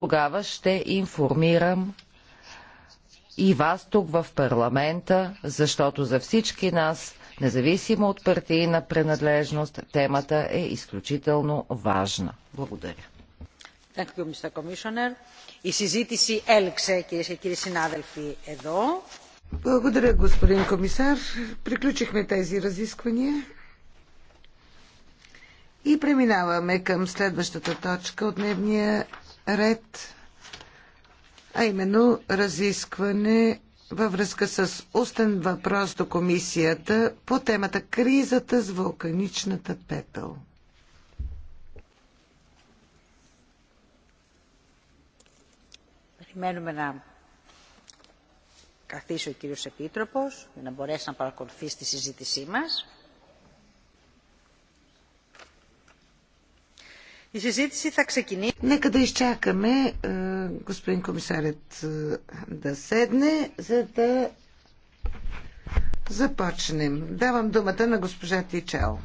тогава ще информирам и вас тук в парламента, защото за всички нас, независимо от партийна принадлежност, темата е изключително важна. Благодаря. Благодаря, господин комисар. Приключихме тези разисквания. И преминаваме към следващата точка от дневния ред, а именно разискване във връзка с устен въпрос до комисията по темата кризата с вулканичната пепел. Περιμένουμε να καθίσει ο κύριος Επίτροπος για να μπορέσει να παρακολουθεί τη συζήτησή μας. Нека да изчакаме е, господин комисарят е, да седне, за да започнем. Давам думата на госпожа Тичал.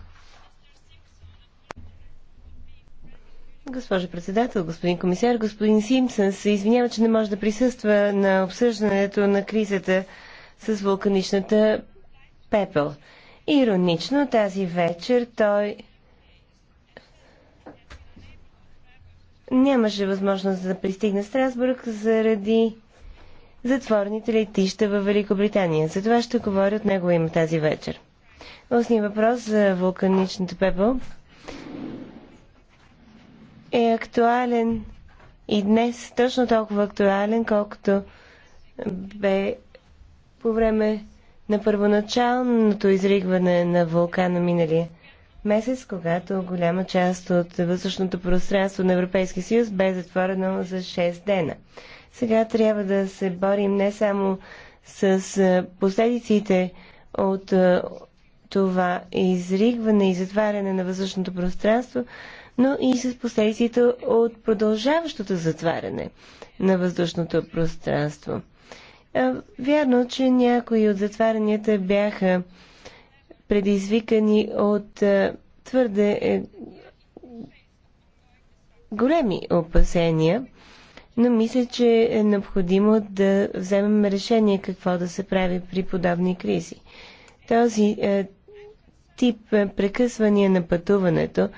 Госпожо председател, господин комисар, господин Симпсън се извинява, че не може да присъства на обсъждането на кризата с вулканичната пепел. Иронично тази вечер той нямаше възможност да пристигне в Страсбург заради затворните летища във Великобритания. За това ще говоря от него има тази вечер. Осни въпрос за вулканичното пепел е актуален и днес точно толкова актуален, колкото бе по време на първоначалното изригване на вулкана миналия месец, когато голяма част от въздушното пространство на Европейския съюз бе затворено за 6 дена. Сега трябва да се борим не само с последиците от това изригване и затваряне на въздушното пространство, но и с последиците от продължаващото затваряне на въздушното пространство. Вярно, че някои от затварянията бяха предизвикани от е, твърде е, големи опасения, но мисля, че е необходимо да вземем решение какво да се прави при подобни кризи. Този е, тип прекъсвания на пътуването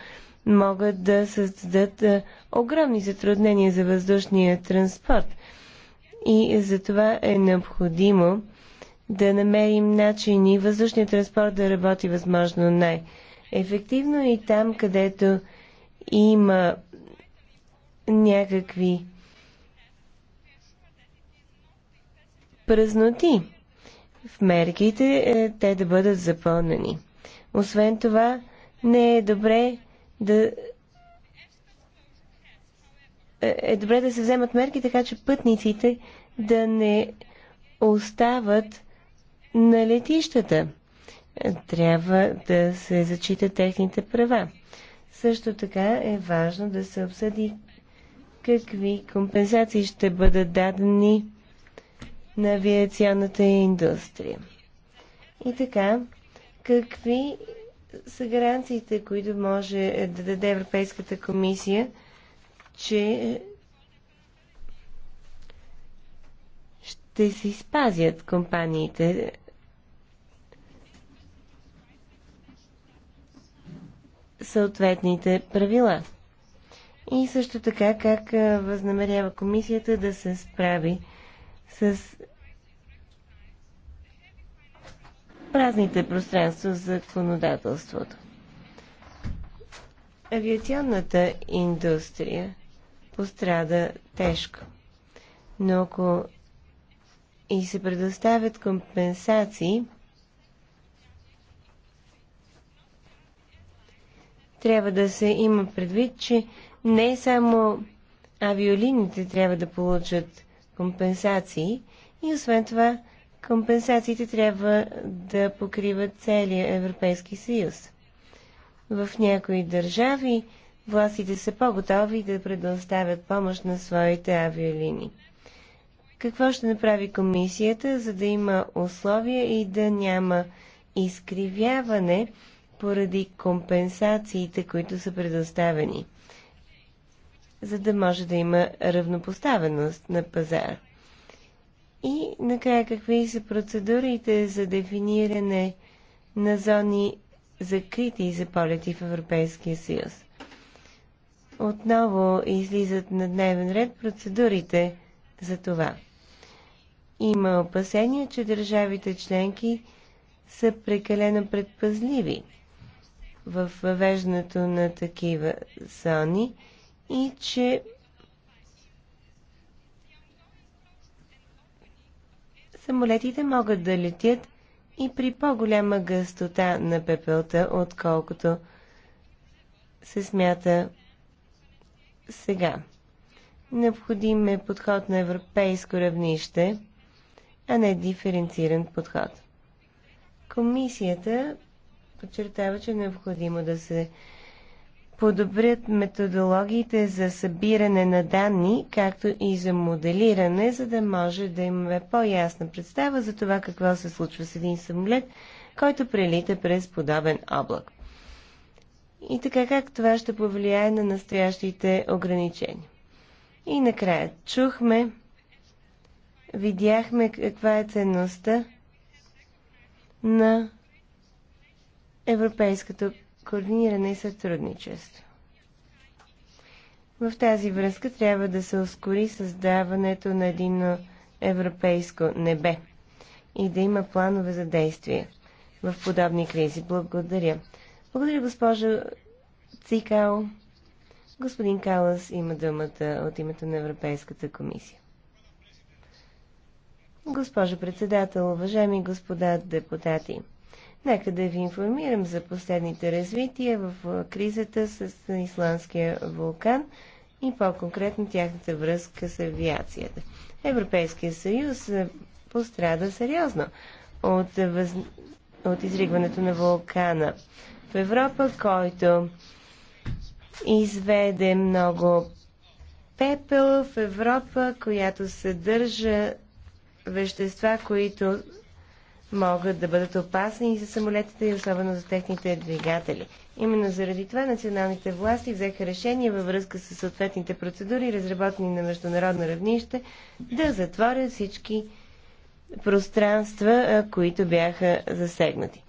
могат да създадат огромни затруднения за въздушния транспорт. И за това е необходимо да намерим начин и въздушният транспорт да работи възможно най-ефективно и там, където има някакви празноти в мерките, е, те да бъдат запълнени. Освен това, не е добре да е, е добре да се вземат мерки, така че пътниците да не остават на летищата. Трябва да се зачитат техните права. Също така е важно да се обсъди какви компенсации ще бъдат дадени на авиационната индустрия. И така, какви са гаранциите, които може да даде Европейската комисия, че ще се изпазят компаниите съответните правила. И също така как възнамерява комисията да се справи с празните пространства за законодателството. Авиационната индустрия пострада тежко. Но ако и се предоставят компенсации, трябва да се има предвид, че не само авиолините трябва да получат компенсации и освен това компенсациите трябва да покриват целия Европейски съюз. В някои държави властите са по-готови да предоставят помощ на своите авиолини. Какво ще направи комисията, за да има условия и да няма изкривяване поради компенсациите, които са предоставени, за да може да има равнопоставеност на пазара. И накрая какви са процедурите за дефиниране на зони закрити за полети в Европейския съюз? Отново излизат на дневен ред процедурите за това. Има опасения, че държавите членки са прекалено предпазливи в въвеждането на такива зони и че самолетите могат да летят и при по-голяма гъстота на пепелта, отколкото се смята сега. Необходим е подход на европейско равнище, а не диференциран подход. Комисията подчертава, че е необходимо да се подобрят методологиите за събиране на данни, както и за моделиране, за да може да имаме по-ясна представа за това какво се случва с един самолет, който прелита през подобен облак. И така как това ще повлияе на настоящите ограничения. И накрая чухме, видяхме каква е ценността на европейското координиране и сътрудничество. В тази връзка трябва да се ускори създаването на едно европейско небе и да има планове за действие в подобни кризи. Благодаря. Благодаря, госпожо Цикао. Господин Калас има думата от името на Европейската комисия. Госпожо председател, уважаеми господа депутати, Нека да ви информирам за последните развития в кризата с исландския вулкан и по-конкретно тяхната връзка с авиацията. Европейския съюз пострада сериозно от, въз... от изригването на вулкана в Европа, който изведе много пепел в Европа, която съдържа вещества, които могат да бъдат опасни и за самолетите, и особено за техните двигатели. Именно заради това националните власти взеха решение във връзка с съответните процедури, разработени на международно равнище, да затворят всички пространства, които бяха засегнати.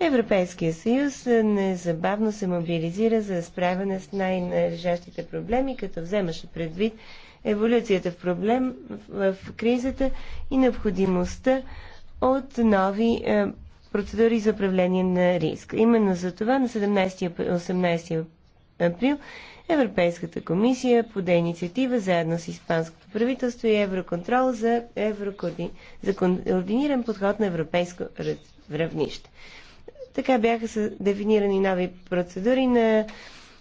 Европейския съюз незабавно се мобилизира за справяне с най-належащите проблеми, като вземаше предвид еволюцията в проблем в кризата и необходимостта от нови е, процедури за управление на риск. Именно за това на 17-18 април Европейската комисия поде инициатива заедно с Испанското правителство и Евроконтрол за, еврокоорди... за координиран подход на европейско равнище. Така бяха дефинирани нови процедури на,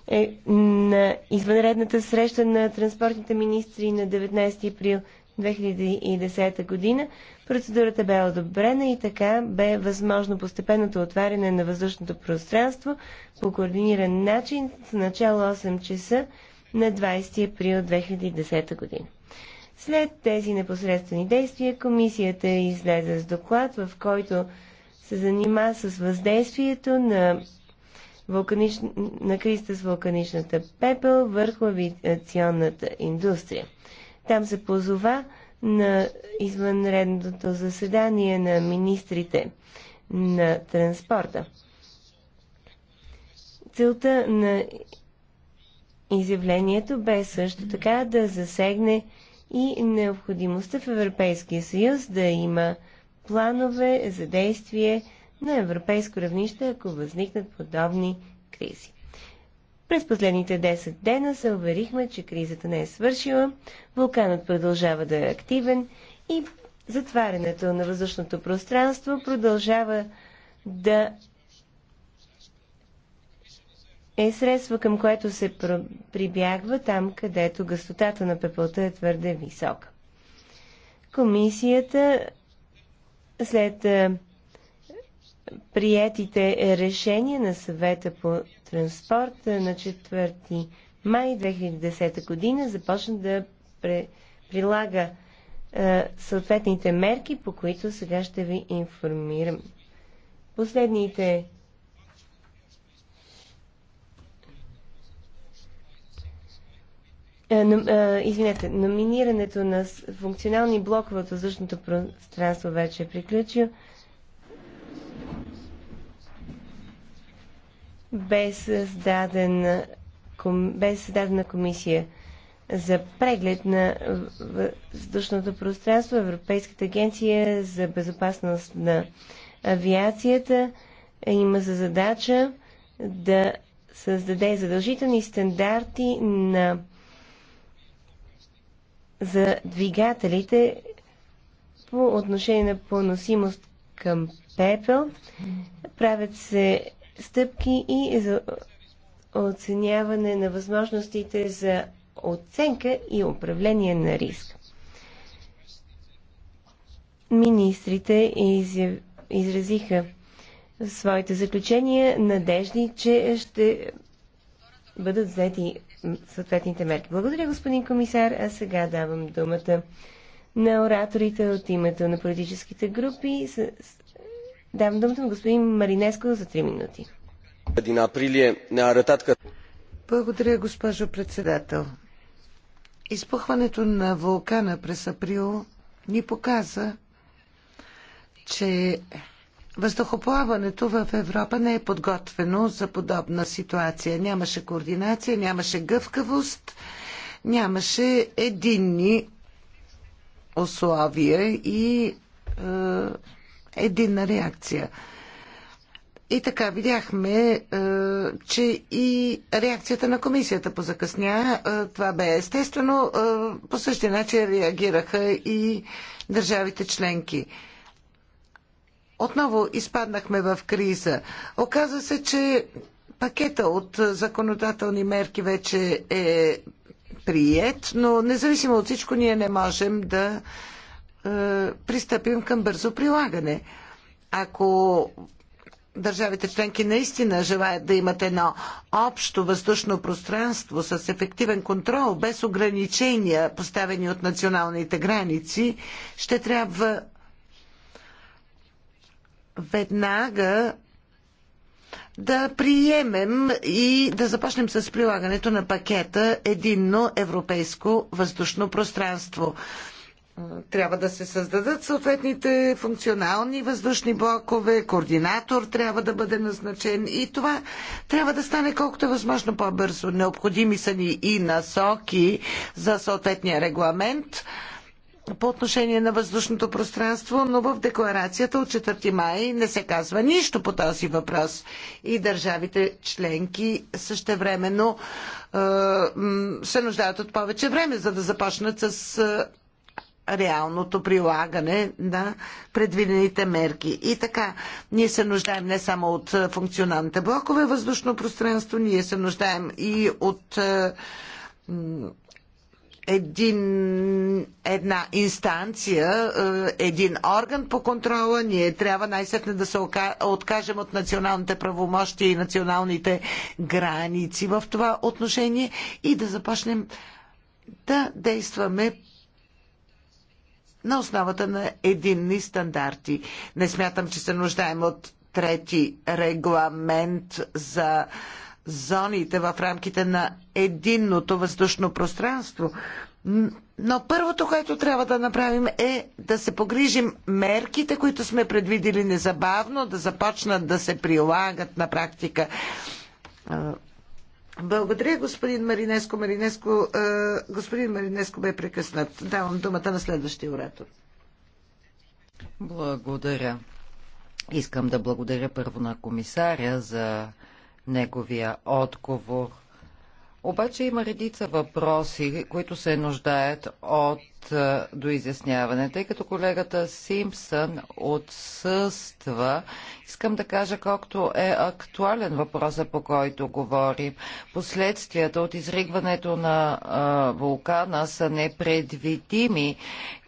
е, на извънредната среща на транспортните министри на 19 април 2010 година. Процедурата бе одобрена и така бе възможно постепенното отваряне на въздушното пространство по координиран начин с начало 8 часа на 20 април 2010 година. След тези непосредствени действия комисията излезе с доклад, в който се занима с въздействието на, вулканич... на криста с вулканичната пепел върху авиационната индустрия. Там се позова на извънредното заседание на министрите на транспорта. Целта на изявлението бе също така да засегне и необходимостта в Европейския съюз да има планове за действие на европейско равнище, ако възникнат подобни кризи. През последните 10 дена се уверихме, че кризата не е свършила, вулканът продължава да е активен и затварянето на въздушното пространство продължава да е средство, към което се прибягва там, където гъстотата на пепелта е твърде висока. Комисията след Приятите решения на съвета по транспорта на 4 май 2010 година започна да пре, прилага е, съответните мерки, по които сега ще ви информирам. Последните е, е, Извинете, номинирането на функционални блокове от въздушното пространство вече е приключил. бе създадена, комисия за преглед на въздушното пространство, Европейската агенция за безопасност на авиацията има за задача да създаде задължителни стандарти на за двигателите по отношение на поносимост към пепел. Правят се стъпки и за оценяване на възможностите за оценка и управление на риск. Министрите изразиха в своите заключения надежди, че ще бъдат взети съответните мерки. Благодаря, господин комисар. А сега давам думата на ораторите от името на политическите групи. С Давам думата на господин Маринеско за 3 минути. Е, Благодаря, госпожо председател. Изпухването на вулкана през април ни показа, че въздухоплаването в Европа не е подготвено за подобна ситуация. Нямаше координация, нямаше гъвкавост, нямаше единни условия и е, единна реакция. И така видяхме, е, че и реакцията на комисията позакъсня. Е, това бе естествено. Е, по същия начин реагираха и държавите членки. Отново изпаднахме в криза. Оказва се, че пакета от законодателни мерки вече е прият, но независимо от всичко ние не можем да е, пристъпим към бързо прилагане. Ако държавите членки наистина желаят да имат едно общо въздушно пространство с ефективен контрол, без ограничения, поставени от националните граници, ще трябва веднага да приемем и да започнем с прилагането на пакета Единно европейско въздушно пространство трябва да се създадат съответните функционални въздушни блокове, координатор трябва да бъде назначен и това трябва да стане колкото е възможно по-бързо. Необходими са ни и насоки за съответния регламент по отношение на въздушното пространство, но в декларацията от 4 май не се казва нищо по този въпрос. И държавите членки същевременно е, се нуждаят от повече време, за да започнат с реалното прилагане на предвидените мерки. И така, ние се нуждаем не само от е, функционалните блокове въздушно пространство, ние се нуждаем и от е, един, една инстанция, е, един орган по контрола. Ние трябва най-сетне да се откажем от националните правомощи и националните граници в това отношение и да започнем да действаме на основата на единни стандарти. Не смятам, че се нуждаем от трети регламент за зоните в рамките на единното въздушно пространство. Но първото, което трябва да направим е да се погрижим мерките, които сме предвидили незабавно, да започнат да се прилагат на практика. Благодаря, господин Маринеско. Маринеско е, господин Маринеско бе прекъснат. Давам думата на следващия оратор. Благодаря. Искам да благодаря първо на комисаря за неговия отговор. Обаче има редица въпроси, които се нуждаят от е, доизясняване. Тъй като колегата Симпсън отсъства, искам да кажа колкото е актуален въпроса, по който говорим. Последствията от изригването на а, е, вулкана са непредвидими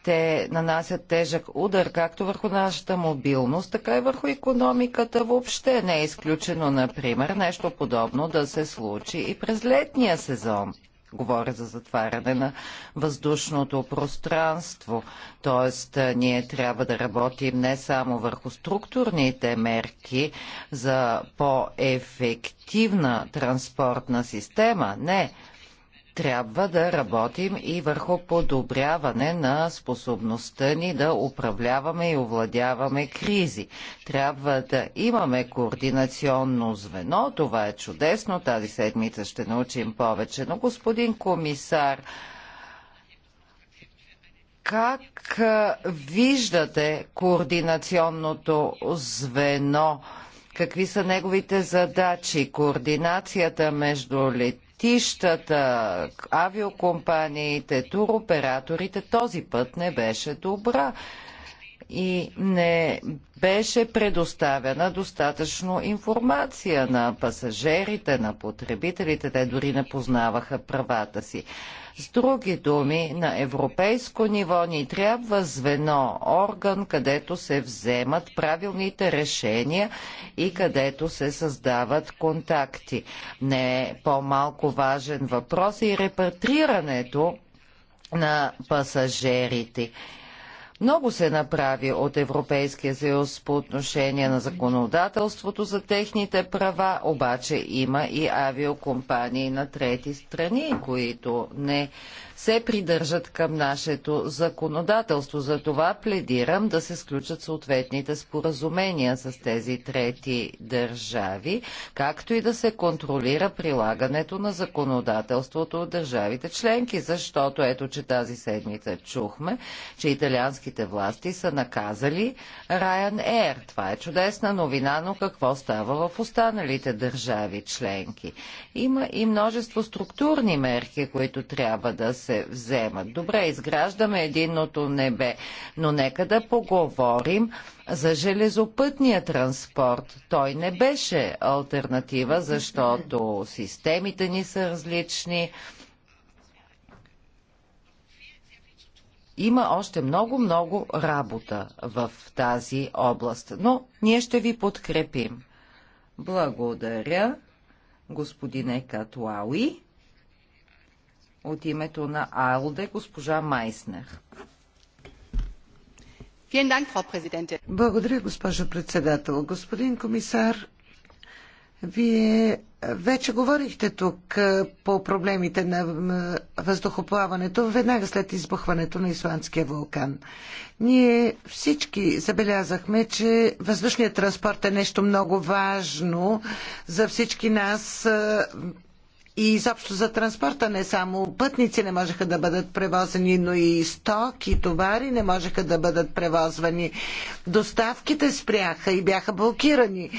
те нанасят тежък удар както върху нашата мобилност, така и върху економиката въобще. Не е изключено, например, нещо подобно да се случи и през летния сезон. Говоря за затваряне на въздушното пространство. Тоест, ние трябва да работим не само върху структурните мерки за по-ефективна транспортна система, не, трябва да работим и върху подобряване на способността ни да управляваме и овладяваме кризи. Трябва да имаме координационно звено. Това е чудесно. Тази седмица ще научим повече. Но, господин комисар, как виждате координационното звено? Какви са неговите задачи? Координацията между летищата, авиокомпаниите, туроператорите този път не беше добра и не беше предоставена достатъчно информация на пасажирите, на потребителите. Те дори не познаваха правата си. С други думи, на европейско ниво ни трябва звено, орган, където се вземат правилните решения и където се създават контакти. Не е по-малко важен въпрос и репатрирането на пасажерите. Много се направи от Европейския съюз по отношение на законодателството за техните права, обаче има и авиокомпании на трети страни, които не се придържат към нашето законодателство. За това пледирам да се сключат съответните споразумения с тези трети държави, както и да се контролира прилагането на законодателството от държавите членки, защото ето, че тази седмица чухме, че италианските британските власти са наказали Air. Това е чудесна новина, но какво става в останалите държави членки? Има и множество структурни мерки, които трябва да се вземат. Добре, изграждаме единното небе, но нека да поговорим за железопътния транспорт. Той не беше альтернатива, защото системите ни са различни. има още много-много работа в тази област, но ние ще ви подкрепим. Благодаря, господине Катуауи. От името на АЛДЕ, госпожа Майснер. Благодаря, госпожо председател. Господин комисар, вие вече говорихте тук по проблемите на въздухоплаването веднага след избухването на исландския вулкан. Ние всички забелязахме, че въздушният транспорт е нещо много важно за всички нас и изобщо за транспорта, не само пътници не можеха да бъдат превозени, но и стоки, товари не можеха да бъдат превозвани. Доставките спряха и бяха блокирани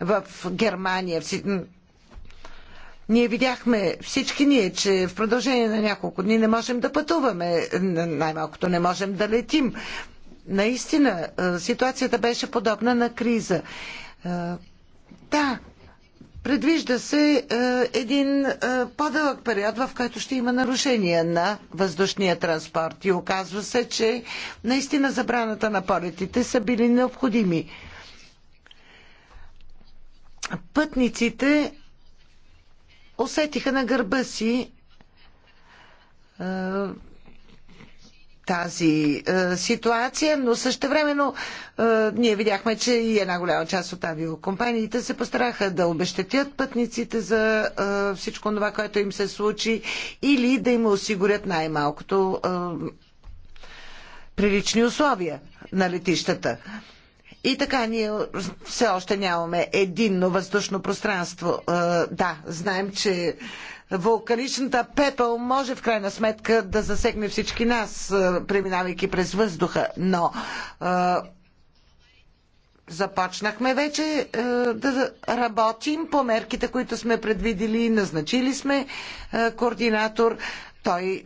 в Германия. Ние видяхме всички ние, че в продължение на няколко дни не можем да пътуваме, най-малкото не можем да летим. Наистина, ситуацията беше подобна на криза. Да, предвижда се един по-дълъг период, в който ще има нарушения на въздушния транспорт. И оказва се, че наистина забраната на полетите са били необходими. Пътниците усетиха на гърба си е, тази е, ситуация, но същевременно е, ние видяхме, че и една голяма част от авиокомпаниите се постараха да обещетят пътниците за е, всичко това, което им се случи или да им осигурят най-малкото е, прилични условия на летищата. Е, и така, ние все още нямаме единно въздушно пространство. Да, знаем, че вулканичната пепел може в крайна сметка да засегне всички нас, преминавайки през въздуха, но започнахме вече е, да работим по мерките, които сме предвидили. Назначили сме е, координатор. Той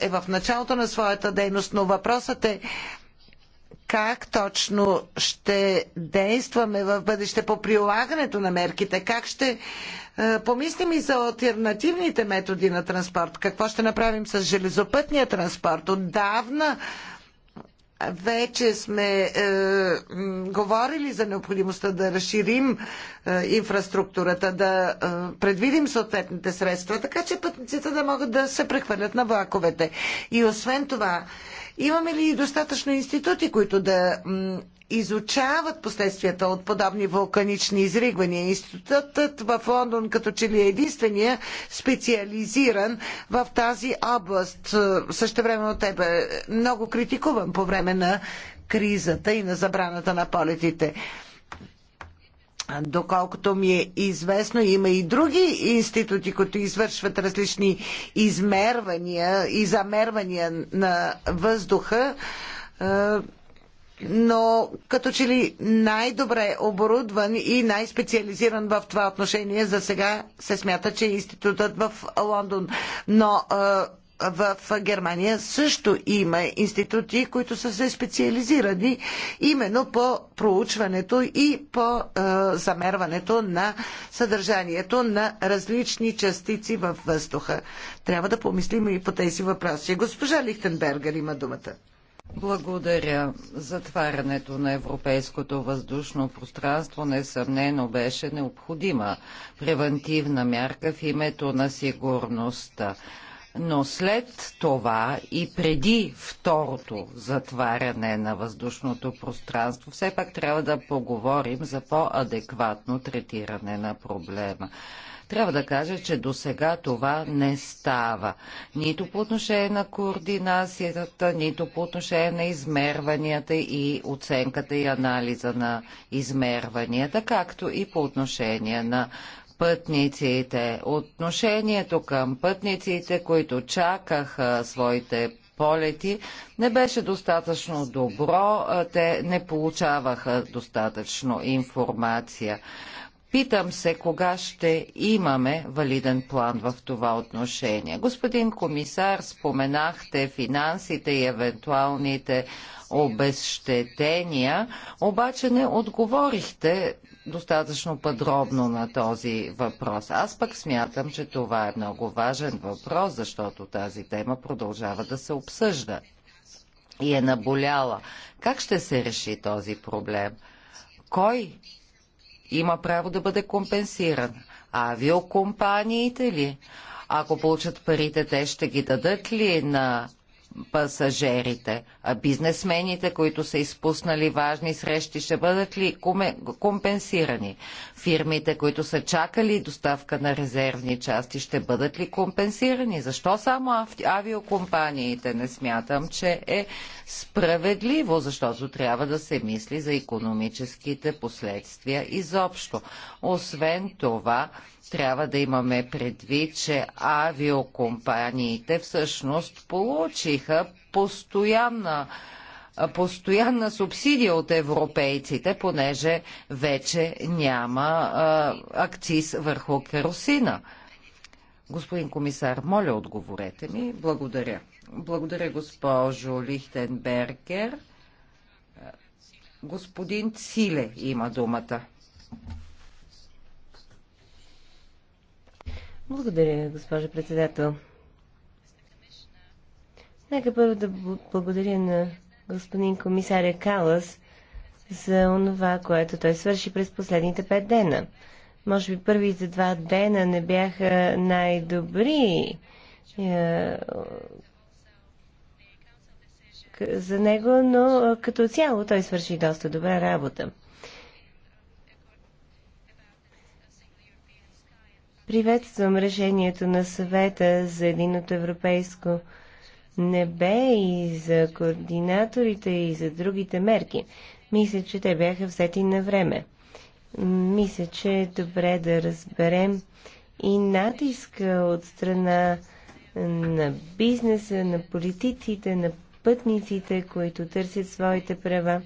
е в началото на своята дейност, но въпросът е как точно ще действаме в бъдеще по прилагането на мерките, как ще е, помислим и за альтернативните методи на транспорт, какво ще направим с железопътния транспорт. Отдавна вече сме е, говорили за необходимостта да разширим е, инфраструктурата, да е, предвидим съответните средства, така че пътниците да могат да се прехвърлят на влаковете. И освен това, Имаме ли достатъчно институти, които да изучават последствията от подобни вулканични изригвания. Институтът в Лондон като че ли е единствения специализиран в тази област. Е, Също време от тебе много критикуван по време на кризата и на забраната на полетите. Доколкото ми е известно, има и други институти, които извършват различни измервания и замервания на въздуха но като че ли най-добре оборудван и най-специализиран в това отношение за сега се смята, че е институтът в Лондон. Но в Германия също има институти, които са се специализирани именно по проучването и по е, замерването на съдържанието на различни частици във въздуха. Трябва да помислим и по тези въпроси. Госпожа Лихтенбергер има думата. Благодаря. Затварянето на европейското въздушно пространство несъмнено беше необходима превентивна мярка в името на сигурността но след това и преди второто затваряне на въздушното пространство, все пак трябва да поговорим за по-адекватно третиране на проблема. Трябва да кажа, че до сега това не става. Нито по отношение на координацията, нито по отношение на измерванията и оценката и анализа на измерванията, както и по отношение на пътниците. Отношението към пътниците, които чакаха своите полети, не беше достатъчно добро, те не получаваха достатъчно информация. Питам се, кога ще имаме валиден план в това отношение. Господин комисар, споменахте финансите и евентуалните обезщетения, обаче не отговорихте достатъчно подробно на този въпрос. Аз пък смятам, че това е много важен въпрос, защото тази тема продължава да се обсъжда и е наболяла. Как ще се реши този проблем? Кой има право да бъде компенсиран? Авиокомпаниите ли? Ако получат парите, те ще ги дадат ли на пасажерите, а бизнесмените, които са изпуснали важни срещи, ще бъдат ли компенсирани? Фирмите, които са чакали доставка на резервни части, ще бъдат ли компенсирани? Защо само авиокомпаниите? Не смятам, че е справедливо, защото трябва да се мисли за економическите последствия изобщо. Освен това, трябва да имаме предвид, че авиокомпаниите всъщност получиха постоянна постоянна субсидия от европейците, понеже вече няма а, акциз върху керосина. Господин комисар, моля отговорете ми. Благодаря. Благодаря, госпожо Лихтенбергер. Господин Циле има думата. Благодаря, госпожа председател. Нека първо да благодаря на господин комисаря Калас за онова, което той свърши през последните пет дена. Може би първите два дена не бяха най-добри е, за него, но е, като цяло той свърши доста добра работа. Приветствам решението на съвета за единото европейско небе и за координаторите и за другите мерки. Мисля, че те бяха взети на време. Мисля, че е добре да разберем и натиска от страна на бизнеса, на политиците, на пътниците, които търсят своите права.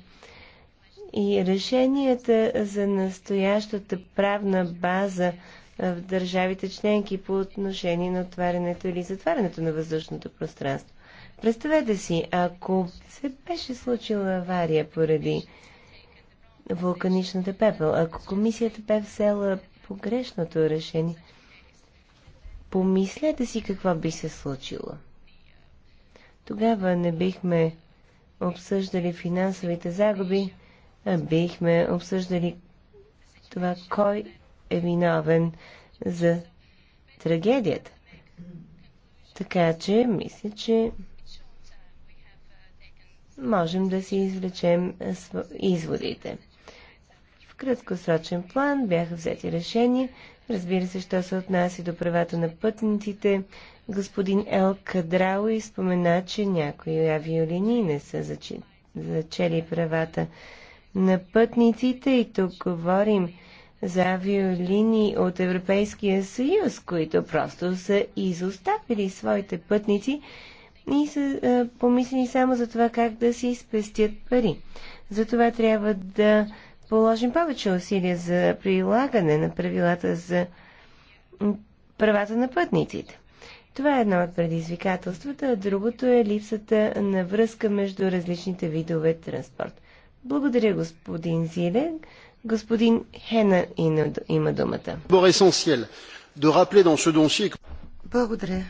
И решенията за настоящата правна база – в държавите членки по отношение на отварянето или затварянето на въздушното пространство. Представете си, ако се беше случила авария поради вулканичната пепел, ако комисията бе взела погрешното решение, помислете си какво би се случило. Тогава не бихме обсъждали финансовите загуби, а бихме обсъждали това кой е виновен за трагедията. Така че, мисля, че можем да си извлечем изводите. В краткосрочен план бяха взети решения. Разбира се, що се отнася до правата на пътниците, господин Ел Кадрауи спомена, че някои авиолинии не са зачели правата на пътниците и тук говорим за авиолини от Европейския съюз, които просто са изоставили своите пътници и са е, помислили само за това как да си спестят пари. Затова трябва да положим повече усилия за прилагане на правилата за правата на пътниците. Това е едно от предизвикателствата, а другото е липсата на връзка между различните видове транспорт. Благодаря, господин Зилен. Господин Хена има думата. Благодаря.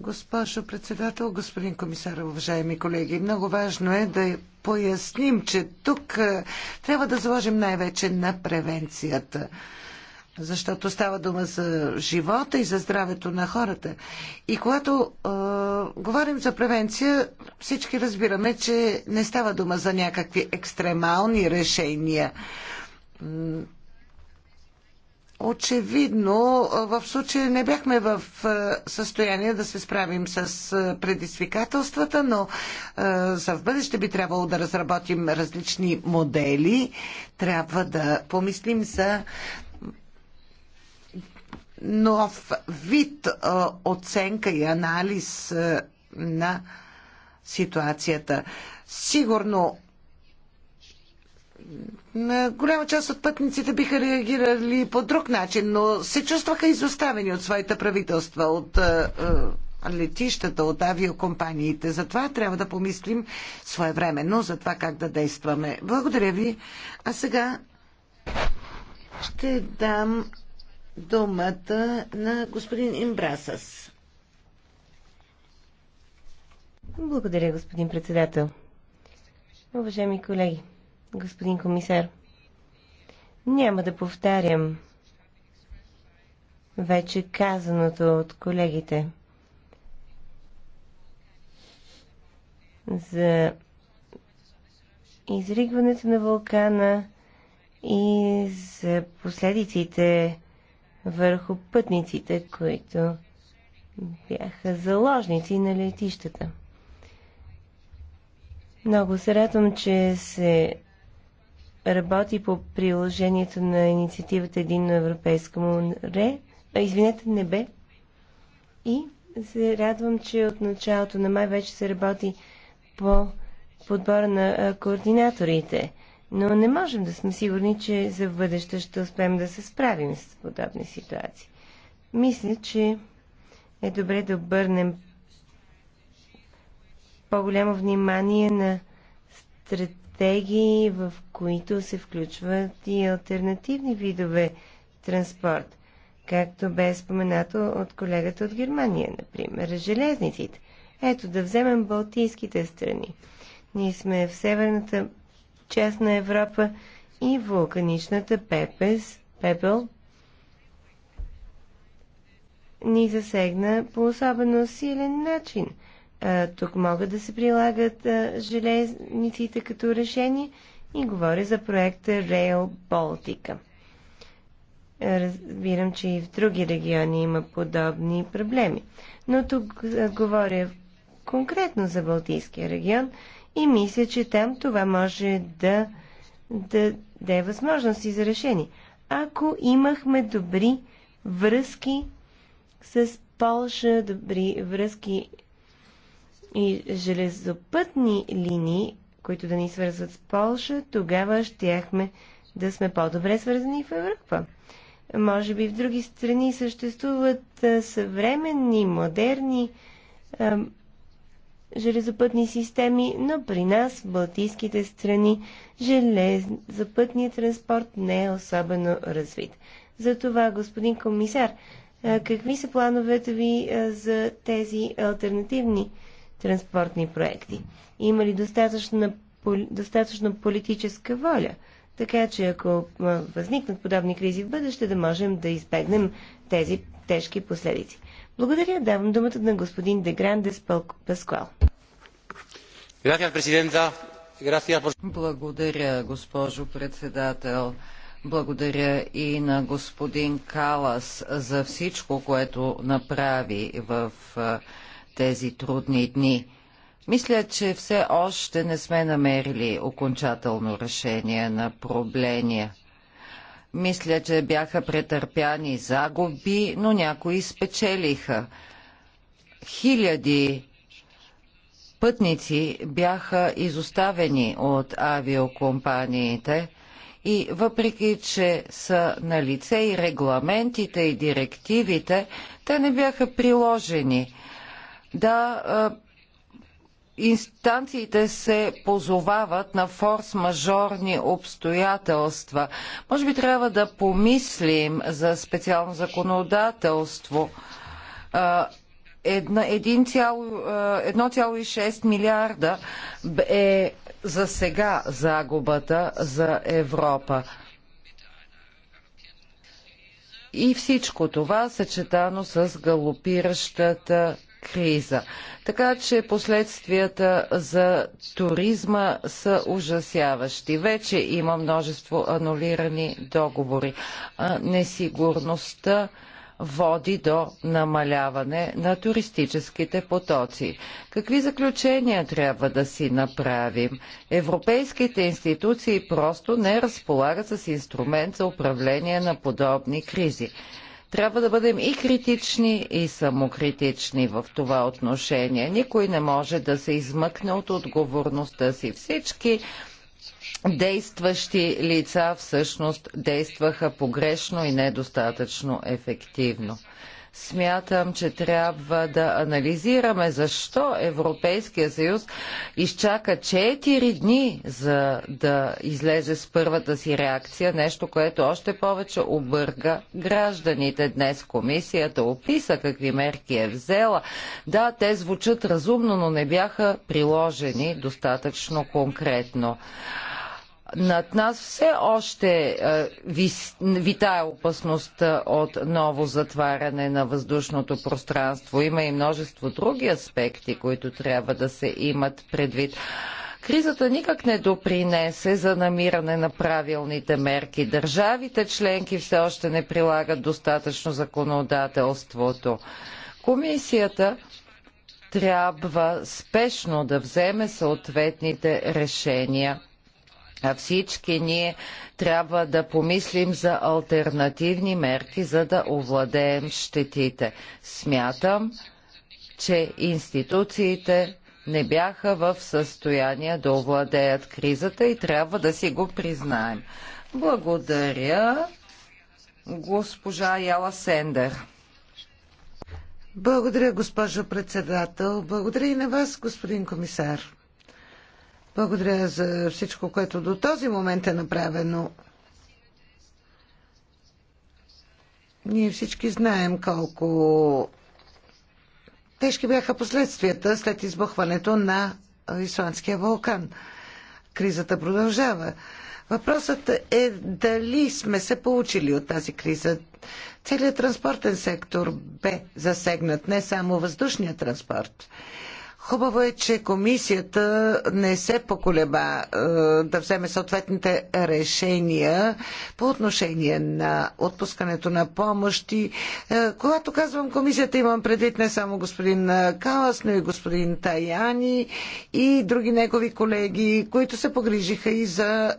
Госпожо председател, господин комисар, уважаеми колеги, много важно е да поясним, че тук е, трябва да заложим най-вече на превенцията защото става дума за живота и за здравето на хората. И когато е, говорим за превенция, всички разбираме, че не става дума за някакви екстремални решения. Очевидно, в случая не бяхме в състояние да се справим с предизвикателствата, но за в бъдеще би трябвало да разработим различни модели. Трябва да помислим за нов вид оценка и анализ на ситуацията. Сигурно голяма част от пътниците биха реагирали по друг начин, но се чувстваха изоставени от своите правителства, от летищата, от авиокомпаниите. Затова трябва да помислим своевременно за това как да действаме. Благодаря ви. А сега ще дам думата на господин Имбрасас. Благодаря, господин председател. Уважаеми колеги, господин комисар, няма да повтарям вече казаното от колегите за изригването на вулкана и за последиците върху пътниците, които бяха заложници на летищата. Много се радвам, че се работи по приложението на инициативата един на европейско море, а извинете, небе. И се радвам, че от началото на май вече се работи по подбора на координаторите – но не можем да сме сигурни, че за бъдеще ще успеем да се справим с подобни ситуации. Мисля, че е добре да обърнем по-голямо внимание на стратегии, в които се включват и альтернативни видове транспорт, както бе споменато от колегата от Германия, например, железниците. Ето да вземем Балтийските страни. Ние сме в северната част на Европа и вулканичната пепес, пепел ни засегна по особено силен начин. А, тук могат да се прилагат а, железниците като решение и говоря за проекта Rail Baltica. Разбирам, че и в други региони има подобни проблеми. Но тук а, говоря конкретно за Балтийския регион – и мисля, че там това може да, да, да е възможности за решение. Ако имахме добри връзки с Полша, добри връзки и железопътни линии, които да ни свързват с Полша, тогава щяхме да сме по-добре свързани в Европа. Може би в други страни съществуват съвременни, модерни железопътни системи, но при нас, в Балтийските страни, железопътният транспорт не е особено развит. Затова, господин комисар, какви са плановете ви за тези альтернативни транспортни проекти? Има ли достатъчно, достатъчно политическа воля? Така че ако възникнат подобни кризи в бъдеще, да можем да избегнем тези тежки последици. Благодаря. Давам думата на господин Деграндес Паскуал. Благодаря, госпожо председател. Благодаря и на господин Калас за всичко, което направи в тези трудни дни. Мисля, че все още не сме намерили окончателно решение на проблемия мисля, че бяха претърпяни загуби, но някои спечелиха. Хиляди пътници бяха изоставени от авиокомпаниите и въпреки, че са на лице и регламентите и директивите, те не бяха приложени. Да, инстанциите се позовават на форс-мажорни обстоятелства. Може би трябва да помислим за специално законодателство. 1,6 милиарда е за сега загубата за Европа. И всичко това съчетано с галопиращата криза. Така че последствията за туризма са ужасяващи. Вече има множество анулирани договори. Несигурността води до намаляване на туристическите потоци. Какви заключения трябва да си направим? Европейските институции просто не разполагат с инструмент за управление на подобни кризи. Трябва да бъдем и критични, и самокритични в това отношение. Никой не може да се измъкне от отговорността си. Всички действащи лица всъщност действаха погрешно и недостатъчно ефективно смятам, че трябва да анализираме защо Европейския съюз изчака 4 дни за да излезе с първата си реакция, нещо, което още повече обърга гражданите. Днес комисията описа какви мерки е взела. Да, те звучат разумно, но не бяха приложени достатъчно конкретно. Над нас все още е, витае опасността от ново затваряне на въздушното пространство. Има и множество други аспекти, които трябва да се имат предвид. Кризата никак не допринесе за намиране на правилните мерки. Държавите членки все още не прилагат достатъчно законодателството. Комисията трябва спешно да вземе съответните решения а всички ние трябва да помислим за альтернативни мерки, за да овладеем щетите. Смятам, че институциите не бяха в състояние да овладеят кризата и трябва да си го признаем. Благодаря, госпожа Яла Сендер. Благодаря, госпожо председател. Благодаря и на вас, господин комисар. Благодаря за всичко, което до този момент е направено. Ние всички знаем колко тежки бяха последствията след избухването на Исландския вулкан. Кризата продължава. Въпросът е дали сме се получили от тази криза. Целият транспортен сектор бе засегнат, не само въздушния транспорт. Хубаво е, че комисията не се поколеба е, да вземе съответните решения по отношение на отпускането на помощи. Е, когато казвам комисията, имам предвид не само господин Калас, но и господин Таяни и други негови колеги, които се погрижиха и за е,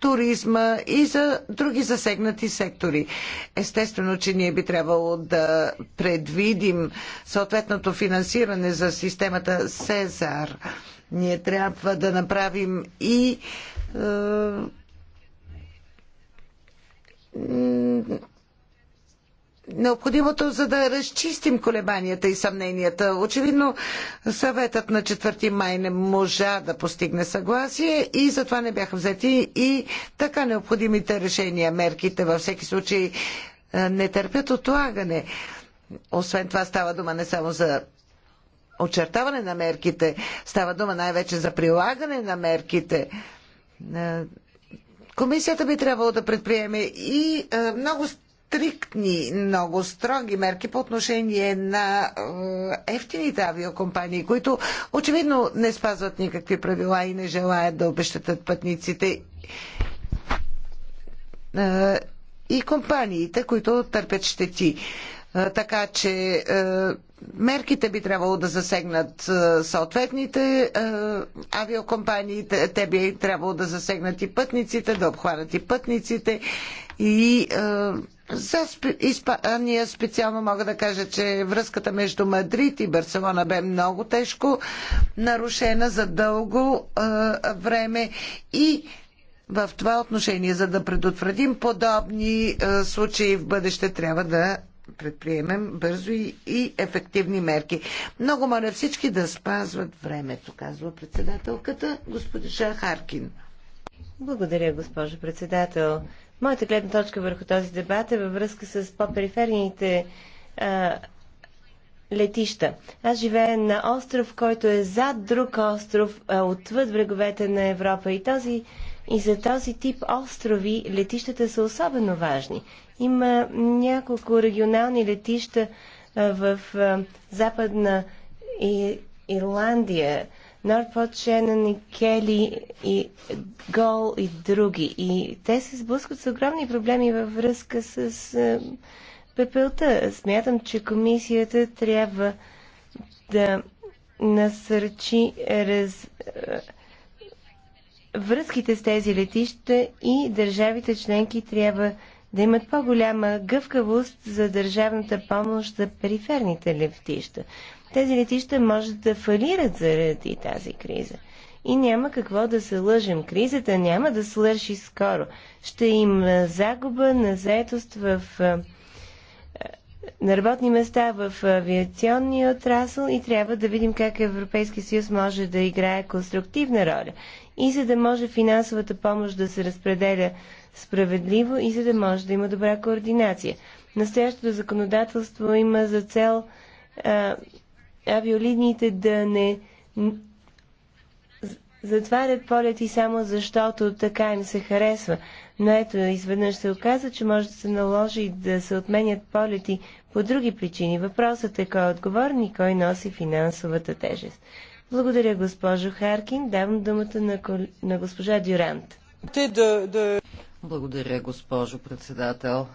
туризма и за други засегнати сектори. Естествено, че ние би трябвало да предвидим съответното финансиране за за системата Сезар. Ние трябва да направим и е, необходимото, за да разчистим колебанията и съмненията. Очевидно, съветът на 4 май не можа да постигне съгласие и затова не бяха взети и така необходимите решения, мерките във всеки случай е, не търпят отлагане. Освен това става дума не само за очертаване на мерките. Става дума най-вече за прилагане на мерките. Е, комисията би трябвало да предприеме и е, много стриктни, много строги мерки по отношение на е, ефтините авиокомпании, които очевидно не спазват никакви правила и не желаят да обещатат пътниците и компаниите, които търпят щети. Така че мерките би трябвало да засегнат съответните авиокомпании, те би трябвало да засегнат и пътниците, да обхванат и пътниците и за Испания специално мога да кажа, че връзката между Мадрид и Барселона бе много тежко нарушена за дълго време и в това отношение, за да предотвратим подобни случаи в бъдеще, трябва да предприемем бързо и, и ефективни мерки. Много моля всички да спазват времето, казва председателката господиша Харкин. Благодаря, госпожо председател. Моята гледна точка върху този дебат е във връзка с по-периферните летища. Аз живея на остров, който е зад друг остров, а, отвъд бреговете на Европа. И този и за този тип острови летищата са особено важни. Има няколко регионални летища в Западна Ирландия, Нордпот, Шенън и Кели и Гол и други. И те се сблъскват с огромни проблеми във връзка с пепелта. Смятам, че комисията трябва да насърчи раз, връзките с тези летища и държавите членки трябва да имат по-голяма гъвкавост за държавната помощ за периферните летища. Тези летища може да фалират заради тази криза. И няма какво да се лъжим. Кризата няма да свърши скоро. Ще има загуба на заетост в на работни места в авиационния отрасъл и трябва да видим как Европейски съюз може да играе конструктивна роля. И за да може финансовата помощ да се разпределя справедливо и за да може да има добра координация. Настоящото законодателство има за цел а, авиолиниите да не затварят полети само защото така им се харесва. Но ето, изведнъж се оказа, че може да се наложи да се отменят полети по други причини. Въпросът е кой е отговорен и кой носи финансовата тежест. Благодаря, госпожо Харкин. Давам думата на, кол... на госпожа Дюрант. Благодаря, госпожо председател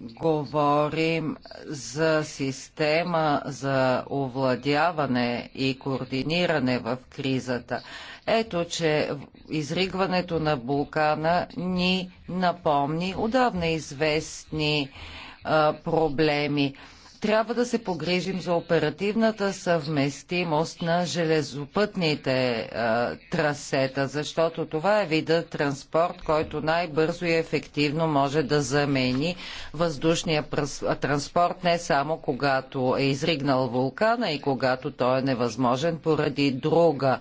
говорим за система за овладяване и координиране в кризата. Ето, че изригването на Булкана ни напомни отдавна известни а, проблеми. Трябва да се погрижим за оперативната съвместимост на железопътните а, трасета, защото това е вида транспорт, който най-бързо и ефективно може да замени въздушния транспорт не само когато е изригнал вулкана и когато той е невъзможен поради друга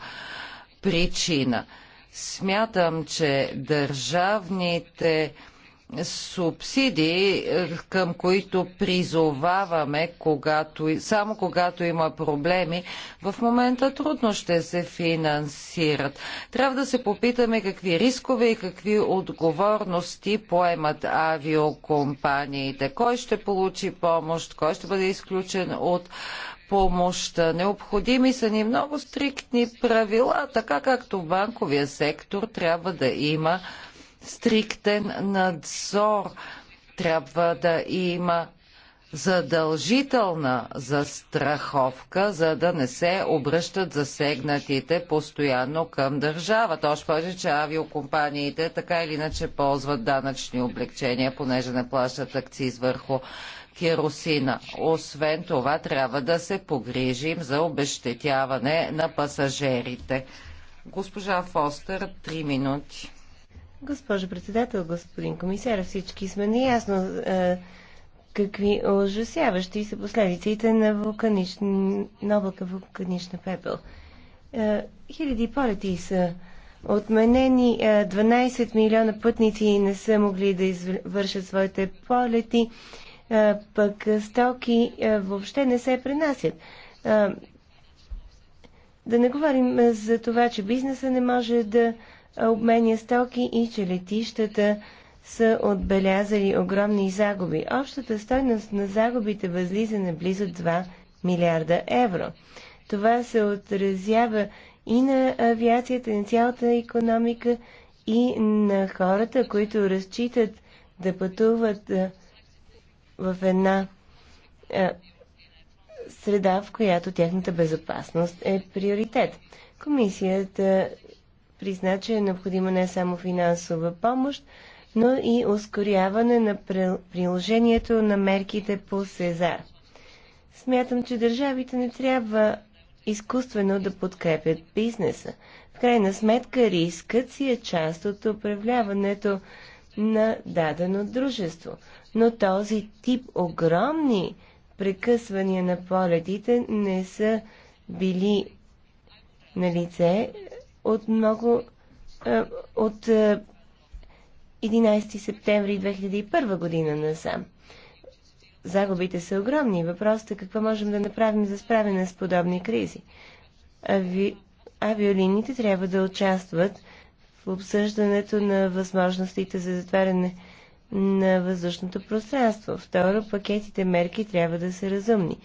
причина. Смятам, че държавните а, субсидии, е, към които призоваваме, когато, само когато има проблеми, в момента трудно ще се финансират. Трябва да се попитаме какви рискове и какви отговорности поемат авиокомпаниите. Кой ще получи помощ, кой ще бъде изключен от помощта. Необходими са ни много стриктни правила, така както банковия сектор трябва да има стриктен надзор. Трябва да има задължителна застраховка, за да не се обръщат засегнатите постоянно към държавата. Още повече, че авиокомпаниите така или иначе ползват данъчни облегчения, понеже не плащат акциз върху керосина. Освен това, трябва да се погрижим за обещетяване на пасажерите. Госпожа Фостер, 3 минути. Госпожо председател, господин комисар, всички сме наясно е, какви ужасяващи са последиците на, новата вулканична пепел. Е, хиляди полети са отменени, 12 е, милиона пътници не са могли да извършат своите полети, е, пък стоки е, въобще не се пренасят. Да не говорим за това, че бизнеса не може да обменя стоки и че летищата са отбелязали огромни загуби. Общата стойност на загубите възлиза на близо 2 милиарда евро. Това се отразява и на авиацията, на цялата економика и на хората, които разчитат да пътуват в една среда, в която тяхната безопасност е приоритет. Комисията призна, че е необходима не само финансова помощ, но и ускоряване на приложението на мерките по СЕЗАР. Смятам, че държавите не трябва изкуствено да подкрепят бизнеса. В крайна сметка рискът си е част от управляването на дадено дружество. Но този тип огромни прекъсвания на полетите не са били на лице от много е, от 11 е, септември 2001 година насам. Загубите са огромни. Въпросът е какво можем да направим за справяне с подобни кризи. Ави... Авиолините трябва да участват в обсъждането на възможностите за затваряне на въздушното пространство. Второ, пакетите мерки трябва да са разумни.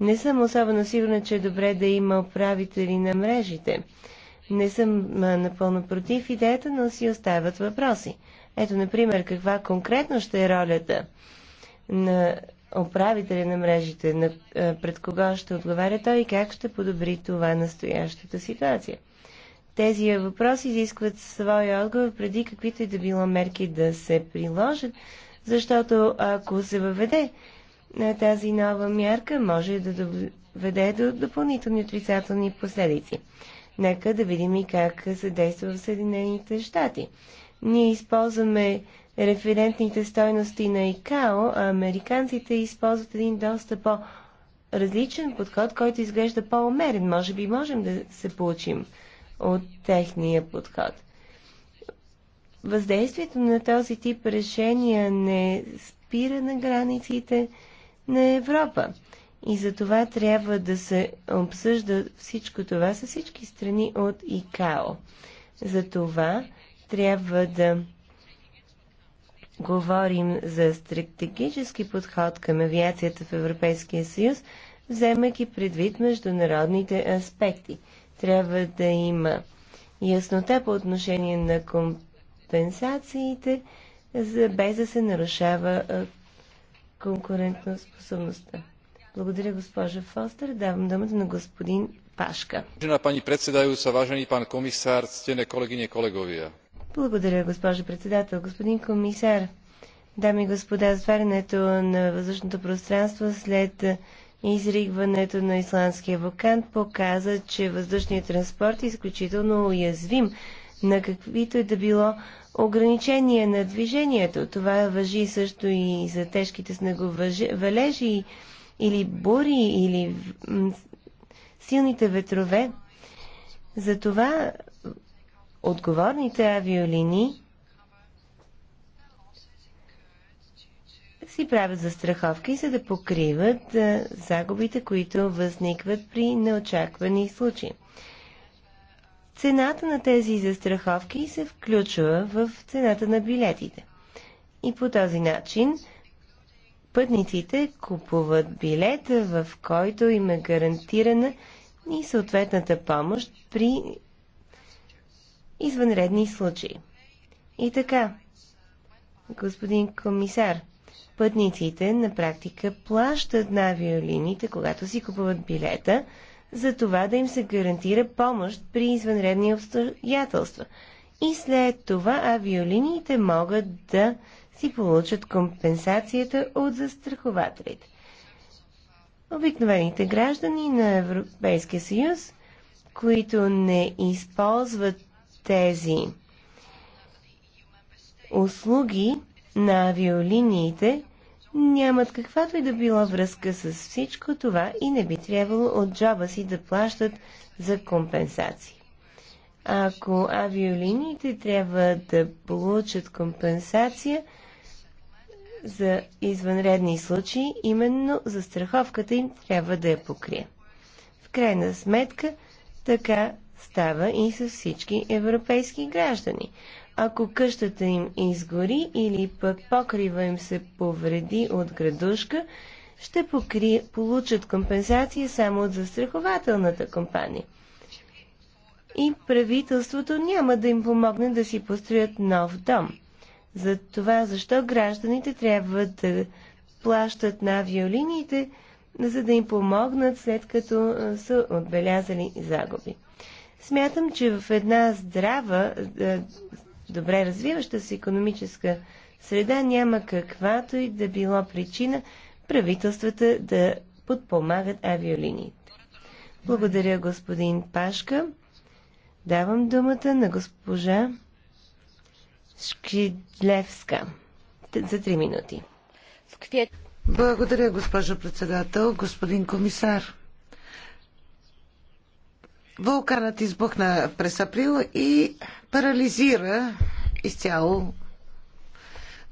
Не съм особено сигурна, че е добре да има управители на мрежите. Не съм напълно против идеята, но си остават въпроси. Ето, например, каква конкретно ще е ролята на управителя на мрежите, на, пред кого ще отговаря той и как ще подобри това настоящата ситуация. Тези въпроси изискват своя отговор преди каквито и да било мерки да се приложат, защото ако се въведе тази нова мярка, може да доведе до допълнителни отрицателни последици. Нека да видим и как се действа в Съединените щати. Ние използваме референтните стойности на ИКАО, а американците използват един доста по-различен подход, който изглежда по-умерен. Може би можем да се получим от техния подход. Въздействието на този тип решения не спира на границите на Европа. И за това трябва да се обсъжда всичко това с всички страни от ИКАО. За това трябва да говорим за стратегически подход към авиацията в Европейския съюз, вземайки предвид международните аспекти. Трябва да има яснота по отношение на компенсациите, за без да се нарушава конкурентна способността. Благодаря, госпожа Фостер. Давам думата на господин Пашка. Пани председаюца, важени пан комисар, стене колегине колеговия. Благодаря, госпожа председател. Господин комисар, дами и господа, затварянето на въздушното пространство след изригването на исландския вулкан показа, че въздушният транспорт е изключително уязвим на каквито и е да било ограничения на движението. Това въжи също и за тежките снеговалежи или бури, или силните ветрове. Затова отговорните авиолини. си правят застраховки, за да покриват загубите, които възникват при неочаквани случаи. Цената на тези застраховки се включва в цената на билетите. И по този начин пътниците купуват билет, в който им е гарантирана и съответната помощ при извънредни случаи. И така, господин комисар, пътниците на практика плащат на авиолините, когато си купуват билета, за това да им се гарантира помощ при извънредни обстоятелства. И след това авиолиниите могат да си получат компенсацията от застрахователите. Обикновените граждани на Европейския съюз, които не използват тези услуги на авиолиниите, нямат каквато и да била връзка с всичко това и не би трябвало от джоба си да плащат за компенсации. Ако авиолиниите трябва да получат компенсация, за извънредни случаи, именно за страховката им трябва да я покрие. В крайна сметка, така става и с всички европейски граждани. Ако къщата им изгори или пък покрива им се повреди от градушка, ще покри, получат компенсация само от застрахователната компания. И правителството няма да им помогне да си построят нов дом – за това защо гражданите трябва да плащат на авиолиниите, за да им помогнат след като са отбелязали загуби. Смятам, че в една здрава, добре развиваща се економическа среда няма каквато и да било причина правителствата да подпомагат авиолиниите. Благодаря, господин Пашка. Давам думата на госпожа Шкидлевска за три минути. Благодаря, госпожо председател, господин комисар. Вулканът избухна през април и парализира изцяло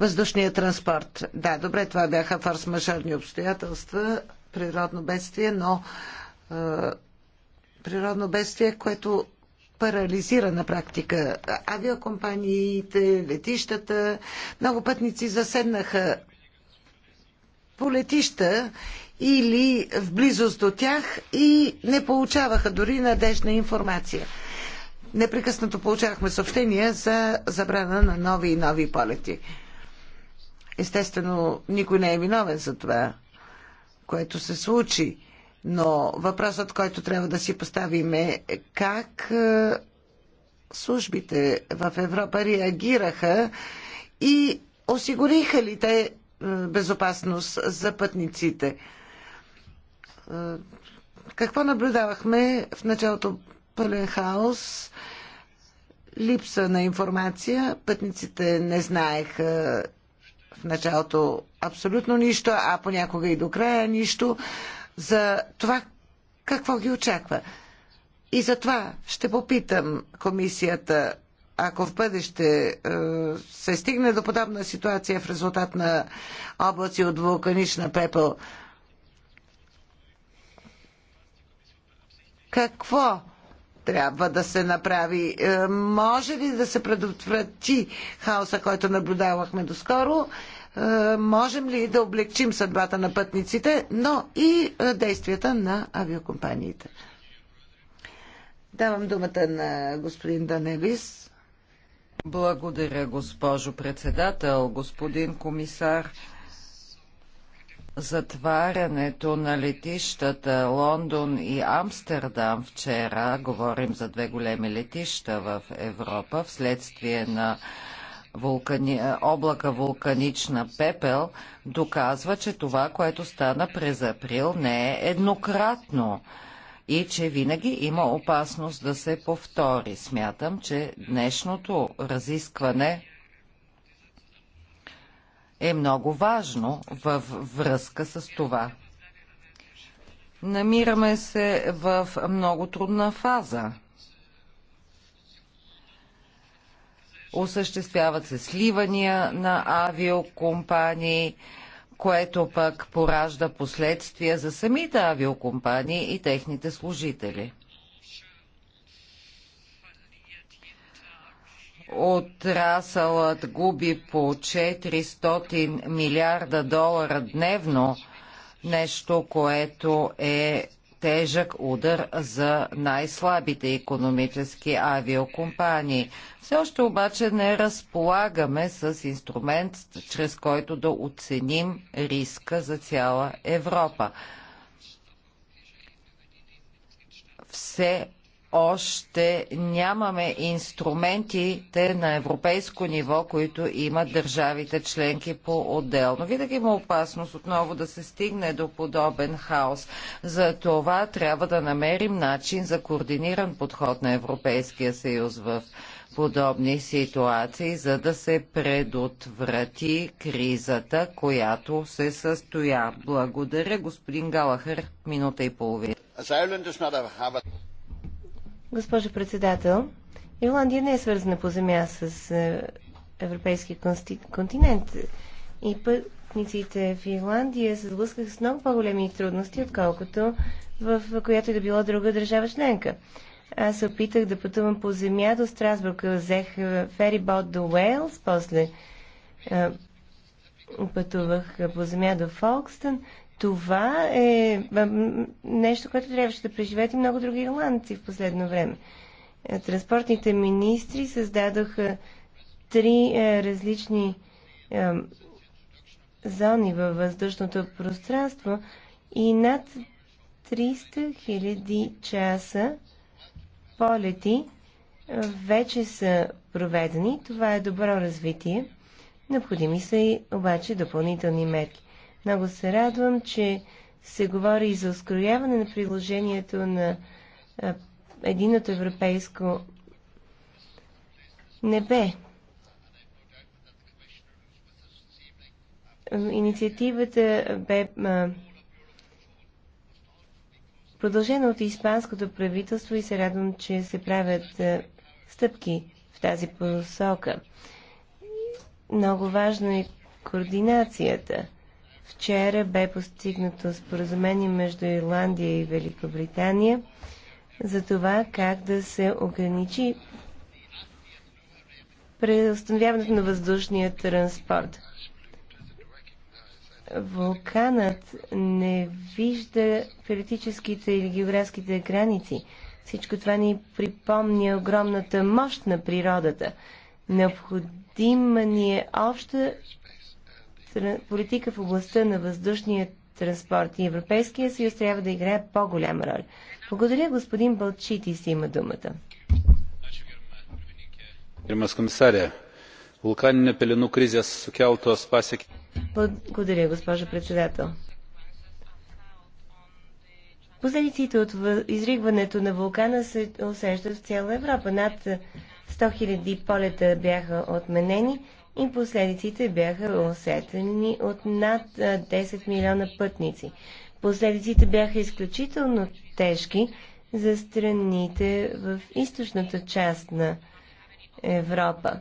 въздушния транспорт. Да, добре, това бяха форс-мажорни обстоятелства, природно бедствие, но е, природно бедствие, което парализира на практика авиакомпаниите, летищата. Много пътници заседнаха по летища или в близост до тях и не получаваха дори надежна информация. Непрекъснато получавахме съобщения за забрана на нови и нови полети. Естествено, никой не е виновен за това, което се случи. Но въпросът, който трябва да си поставим е как е, службите в Европа реагираха и осигуриха ли те е, безопасност за пътниците. Е, какво наблюдавахме в началото? Пълен хаос, липса на информация, пътниците не знаеха в началото абсолютно нищо, а понякога и до края нищо за това какво ги очаква. И за това ще попитам комисията, ако в бъдеще е, се стигне до подобна ситуация в резултат на облаци от вулканична пепел, какво трябва да се направи? Е, може ли да се предотврати хаоса, който наблюдавахме доскоро? Е, можем ли да облегчим съдбата на пътниците, но и е, действията на авиокомпаниите. Давам думата на господин Данелис. Благодаря, госпожо председател, господин комисар. Затварянето на летищата Лондон и Амстердам вчера, говорим за две големи летища в Европа, вследствие на вулкани... Е, облака вулканична пепел доказва, че това, което стана през април, не е еднократно и че винаги има опасност да се повтори. Смятам, че днешното разискване е много важно във връзка с това. Намираме се в много трудна фаза. осъществяват се сливания на авиокомпании, което пък поражда последствия за самите авиокомпании и техните служители. Отрасълът губи по 400 милиарда долара дневно, нещо, което е тежък удар за най-слабите економически авиокомпании. Все още обаче не разполагаме с инструмент, чрез който да оценим риска за цяла Европа. Все още нямаме инструментите на европейско ниво, които имат държавите членки по-отделно. Винаги има опасност отново да се стигне до подобен хаос. За това трябва да намерим начин за координиран подход на Европейския съюз в подобни ситуации, за да се предотврати кризата, която се състоя. Благодаря, господин Галахър, минута и половина. Госпожо председател, Ирландия не е свързана по земя с е, европейския континент. И пътниците в Ирландия се сблъскаха с много по-големи трудности, отколкото в която и да била друга държава членка. Аз се опитах да пътувам по земя до Страсбург. Взех е, ферибот до Уейлс, после е, пътувах по земя до Фолкстън. Това е нещо, което трябваше да преживеят и много други ирландци в последно време. Е, транспортните министри създадоха три е, различни е, зони във въздушното пространство и над 300 хиляди часа полети вече са проведени. Това е добро развитие. Необходими са и обаче допълнителни мерки. Много се радвам, че се говори и за ускоряване на приложението на единото европейско небе. Инициативата бе продължена от испанското правителство и се радвам, че се правят стъпки в тази посока. Много важна е координацията Вчера бе постигнато споразумение между Ирландия и Великобритания за това как да се ограничи преустановяването на въздушния транспорт. Вулканът не вижда политическите или географските граници. Всичко това ни припомня огромната мощ на природата. Необходима ни е обща политика в областта на въздушния транспорт и Европейския съюз трябва да играе по-голяма роля. Благодаря, господин Балчити си има думата. Gerbiamas komisarė, пелено pelinų Благодаря, госпожо председател. Последиците от изригването на вулкана се усещат в цяла Европа. Над 100 000 полета бяха отменени и последиците бяха усетени от над 10 милиона пътници. Последиците бяха изключително тежки за страните в източната част на Европа,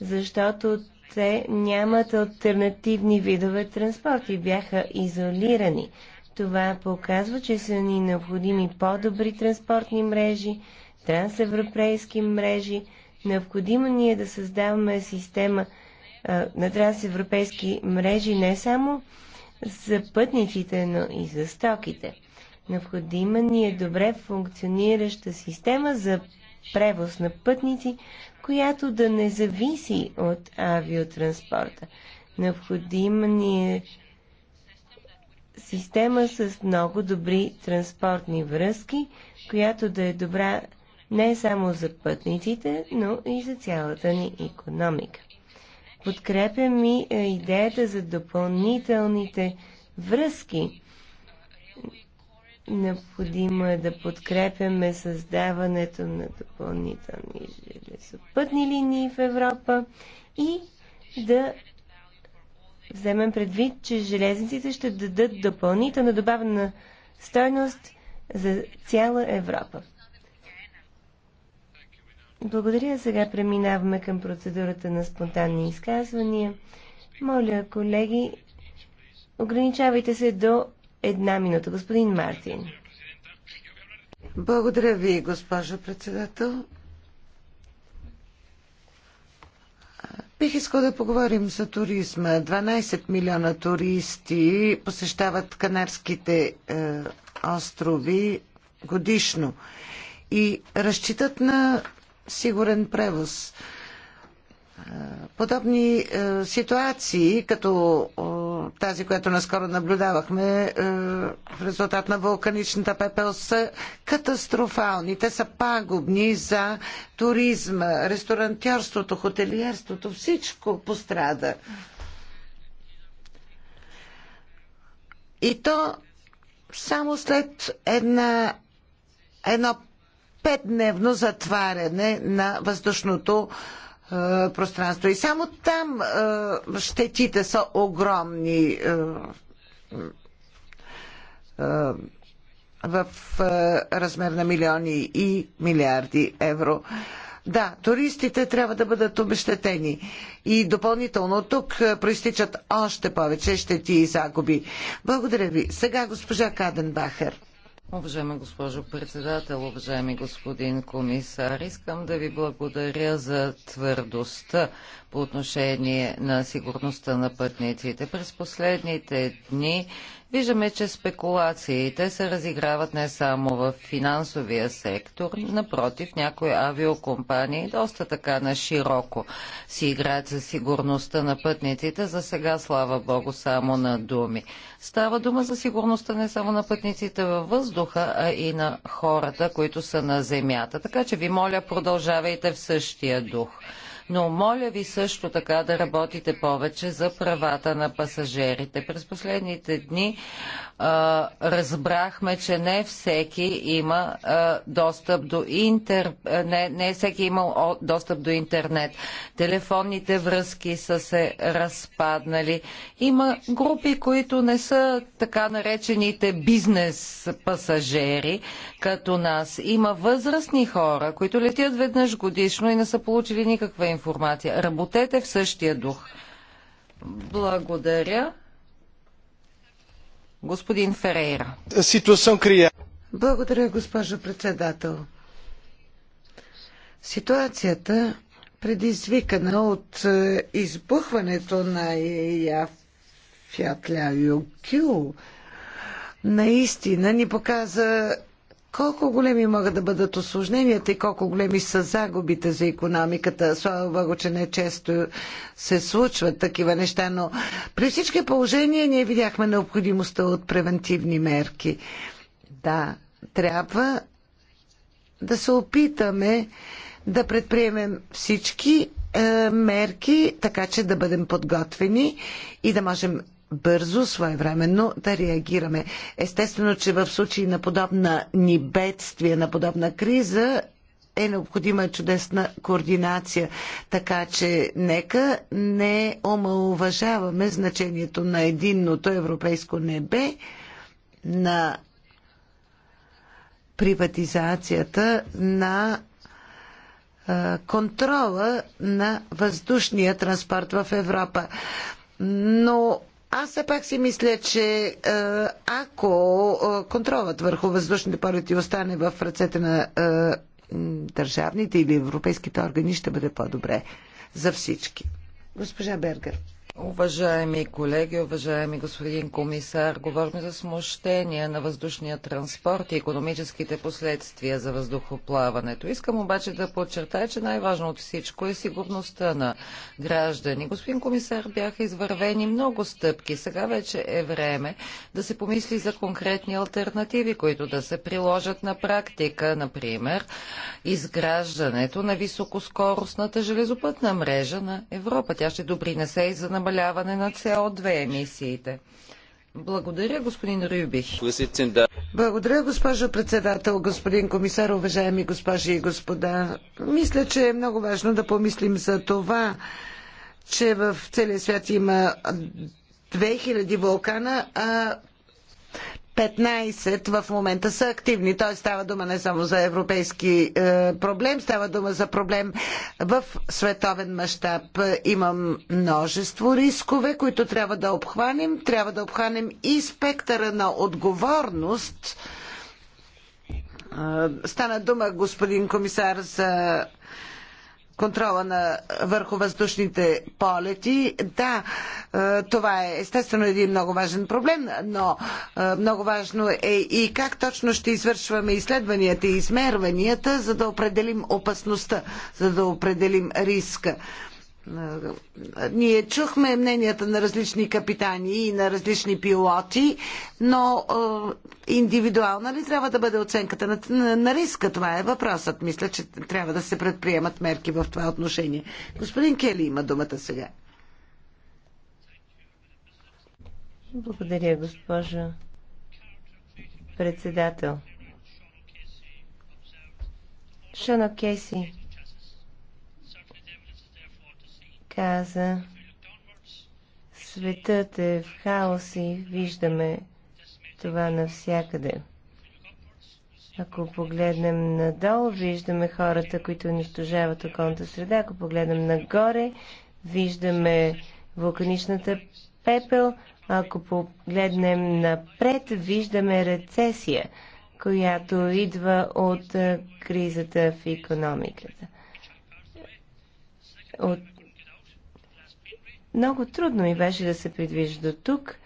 защото те нямат альтернативни видове транспорт и бяха изолирани. Това показва, че са ни необходими по-добри транспортни мрежи, трансевропейски мрежи. Необходимо ни е да създаваме система – на трансевропейски мрежи не само за пътниците, но и за стоките. Необходима ни е добре функционираща система за превоз на пътници, която да не зависи от авиотранспорта. Необходима ни е система с много добри транспортни връзки, която да е добра не само за пътниците, но и за цялата ни економика. Подкрепям и е, идеята за допълнителните връзки. Необходимо е да подкрепяме създаването на допълнителни железопътни линии в Европа и да вземем предвид, че железниците ще дадат допълнителна добавена стойност за цяла Европа. Благодаря. Сега преминаваме към процедурата на спонтанни изказвания. Моля, колеги, ограничавайте се до една минута. Господин Мартин. Благодаря ви, госпожо председател. Бих искал да поговорим за туризма. 12 милиона туристи посещават Канарските е, острови годишно и разчитат на сигурен превоз. Е, подобни е, ситуации, като тази, която наскоро наблюдавахме е, в резултат на вулканичната пепел, са катастрофални. Те са пагубни за туризма, ресторантьорството, хотелиерството. Всичко пострада. И то само след една, едно петдневно затваряне на въздушното е, пространство. И само там е, щетите са огромни. Е, е в е, размер на милиони и милиарди евро. Да, туристите трябва да бъдат обещетени. И допълнително тук е, проистичат още повече щети и загуби. Благодаря ви. Сега госпожа Каденбахер. Уважаема госпожо председател, уважаеми господин комисар, искам да ви благодаря за твърдостта по отношение на сигурността на пътниците. През последните дни Виждаме, че спекулациите се разиграват не само в финансовия сектор, напротив, някои авиокомпании доста така на широко си играят за сигурността на пътниците, за сега слава Богу само на думи. Става дума за сигурността не само на пътниците във въздуха, а и на хората, които са на земята. Така че ви моля, продължавайте в същия дух но моля ви също така да работите повече за правата на пасажирите. През последните дни разбрахме, че не всеки има достъп до интер... не, не всеки имал достъп до интернет. Телефонните връзки са се разпаднали. Има групи, които не са така наречените бизнес пасажери, като нас. Има възрастни хора, които летят веднъж годишно и не са получили никаква информация. Работете в същия дух. Благодаря. Господин Ферейра. Благодаря, госпожо председател. Ситуацията, предизвикана от е, избухването на Яфятля Юкю, наистина ни показа колко големи могат да бъдат осложненията и колко големи са загубите за економиката? Слава Богу, че не често се случват такива неща, но при всички положения ние видяхме необходимостта от превентивни мерки. Да, трябва да се опитаме да предприемем всички е, мерки, така че да бъдем подготвени и да можем бързо, своевременно да реагираме. Естествено, че в случай на подобна ни бедствие, на подобна криза, е необходима чудесна координация. Така че нека не омалуважаваме значението на единното европейско небе, на приватизацията на контрола на въздушния транспорт в Европа. Но аз все пак си мисля, че е, ако е, контролът върху въздушните полети остане в ръцете на е, държавните или европейските органи, ще бъде по-добре за всички. Госпожа Бергер. Уважаеми колеги, уважаеми господин комисар, говорим за смущение на въздушния транспорт и економическите последствия за въздухоплаването. Искам обаче да подчертая, че най-важно от всичко е сигурността на граждани. Господин комисар, бяха извървени много стъпки. Сега вече е време да се помисли за конкретни альтернативи, които да се приложат на практика, например, изграждането на високоскоростната железопътна мрежа на Европа. Тя ще допринесе и за намаляване на CO2 емисиите. Благодаря, господин Рюбих. Благодаря, госпожо председател, господин комисар, уважаеми госпожи и господа. Мисля, че е много важно да помислим за това, че в целия свят има 2000 вулкана, а 15 в момента са активни. Тоест става дума не само за европейски е, проблем, става дума за проблем в световен мащаб. Имам множество рискове, които трябва да обхванем. Трябва да обхванем и спектъра на отговорност. Е, стана дума, господин комисар, за контрола на, върху въздушните полети. Да, е, това е естествено един много важен проблем, но е, много важно е и как точно ще извършваме изследванията и измерванията, за да определим опасността, за да определим риска. Ние чухме мненията на различни капитани и на различни пилоти, но индивидуална ли трябва да бъде оценката на, на, на риска? Това е въпросът. Мисля, че трябва да се предприемат мерки в това отношение. Господин Кели има думата сега. Благодаря, госпожа председател. Шано Кейси каза, светът е в хаос и виждаме това навсякъде. Ако погледнем надолу, виждаме хората, които унищожават околната среда. Ако погледнем нагоре, виждаме вулканичната пепел. Ако погледнем напред, виждаме рецесия, която идва от кризата в економиката. От много трудно ми беше да се придвижа до тук.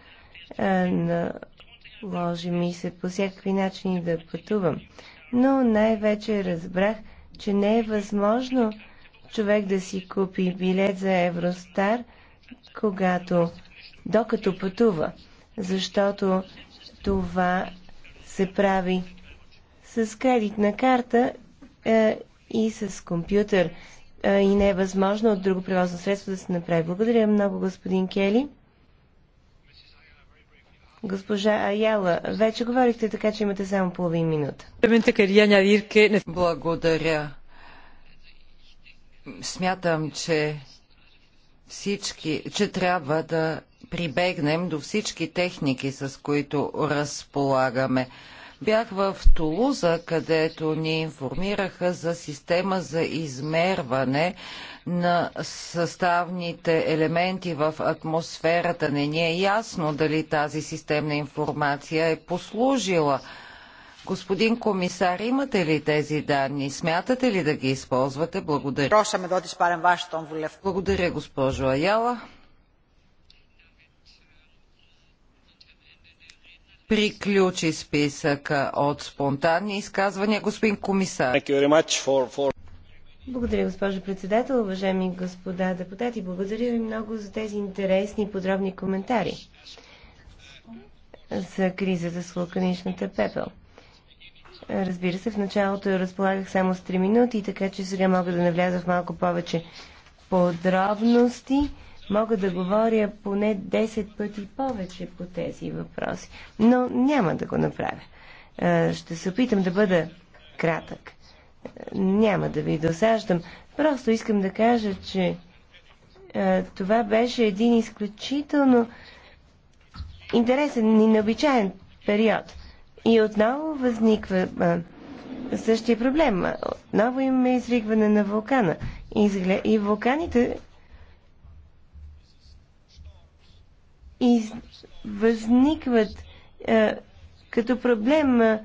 Наложи ми се по всякакви начини да пътувам. Но най-вече разбрах, че не е възможно човек да си купи билет за Евростар, когато, докато пътува, защото това се прави с кредитна карта е, и с компютър и не е възможно от друго превозно средство да се направи. Благодаря много, господин Кели. Госпожа Аяла, вече говорихте така, че имате само половин минута. Благодаря. Смятам, че всички, че трябва да прибегнем до всички техники, с които разполагаме. Бях в Тулуза, където ни информираха за система за измерване на съставните елементи в атмосферата. Не ни е ясно дали тази системна информация е послужила. Господин комисар, имате ли тези данни? Смятате ли да ги използвате? Благодаря. Благодаря, госпожо Аяла. приключи списъка от спонтанни изказвания. Господин комисар. Благодаря, госпожо председател, уважаеми господа депутати. Благодаря ви много за тези интересни и подробни коментари за кризата с вулканичната пепел. Разбира се, в началото разполагах само с 3 минути, така че сега мога да навляза в малко повече подробности. Мога да говоря поне 10 пъти повече по тези въпроси, но няма да го направя. Е, ще се опитам да бъда кратък. Е, няма да ви досаждам. Просто искам да кажа, че е, това беше един изключително интересен и необичайен период. И отново възниква същия проблем. Отново имаме изригване на вулкана. и вулканите из, възникват а, е, като проблем а,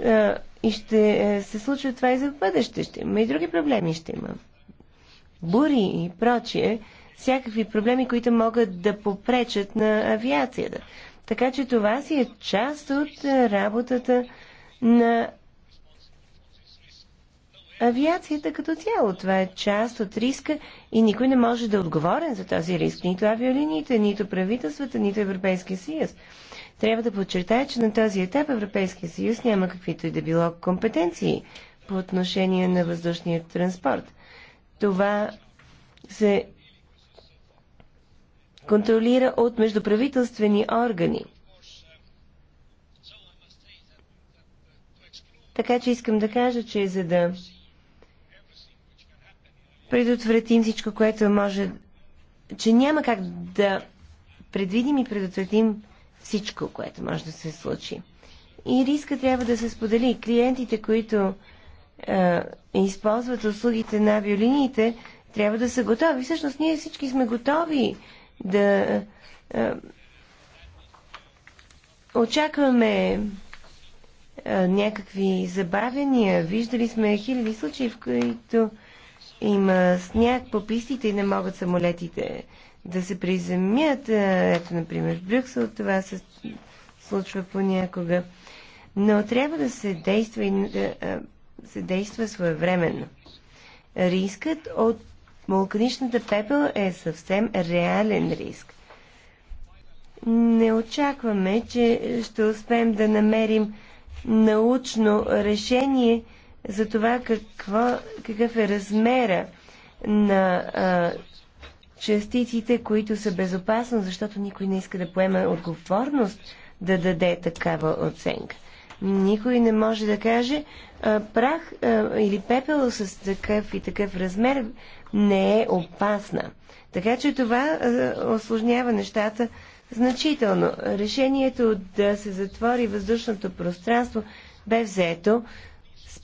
е, е, и ще се случва това и за бъдеще. Ще има и други проблеми ще има. Бури и прочие, всякакви проблеми, които могат да попречат на авиацията. Така че това си е част от работата на авиацията като цяло. Това е част от риска и никой не може да е отговорен за този риск. Нито авиолиниите, нито правителствата, нито Европейския съюз. Трябва да подчертая, че на този етап Европейския съюз няма каквито и да било компетенции по отношение на въздушния транспорт. Това се контролира от междуправителствени органи. Така че искам да кажа, че за да предотвратим всичко, което може, че няма как да предвидим и предотвратим всичко, което може да се случи. И риска трябва да се сподели. Клиентите, които е, използват услугите на авиолиниите, трябва да са готови. Всъщност ние всички сме готови да е, очакваме е, някакви забавения. Виждали сме хиляди случаи, в които има сняг по пистите и не могат самолетите да се приземят. Е, ето, например, в Брюксел това се случва понякога. Но трябва да се действа и да е, е, се действа своевременно. Рискът от вулканичната пепел е съвсем реален риск. Не очакваме, че ще успеем да намерим научно решение – за това какво, какъв е размера на а, частиците, които са безопасни, защото никой не иска да поема отговорност да даде такава оценка. Никой не може да каже а, прах а, или пепел с такъв и такъв размер не е опасна. Така че това а, осложнява нещата значително. Решението да се затвори въздушното пространство бе взето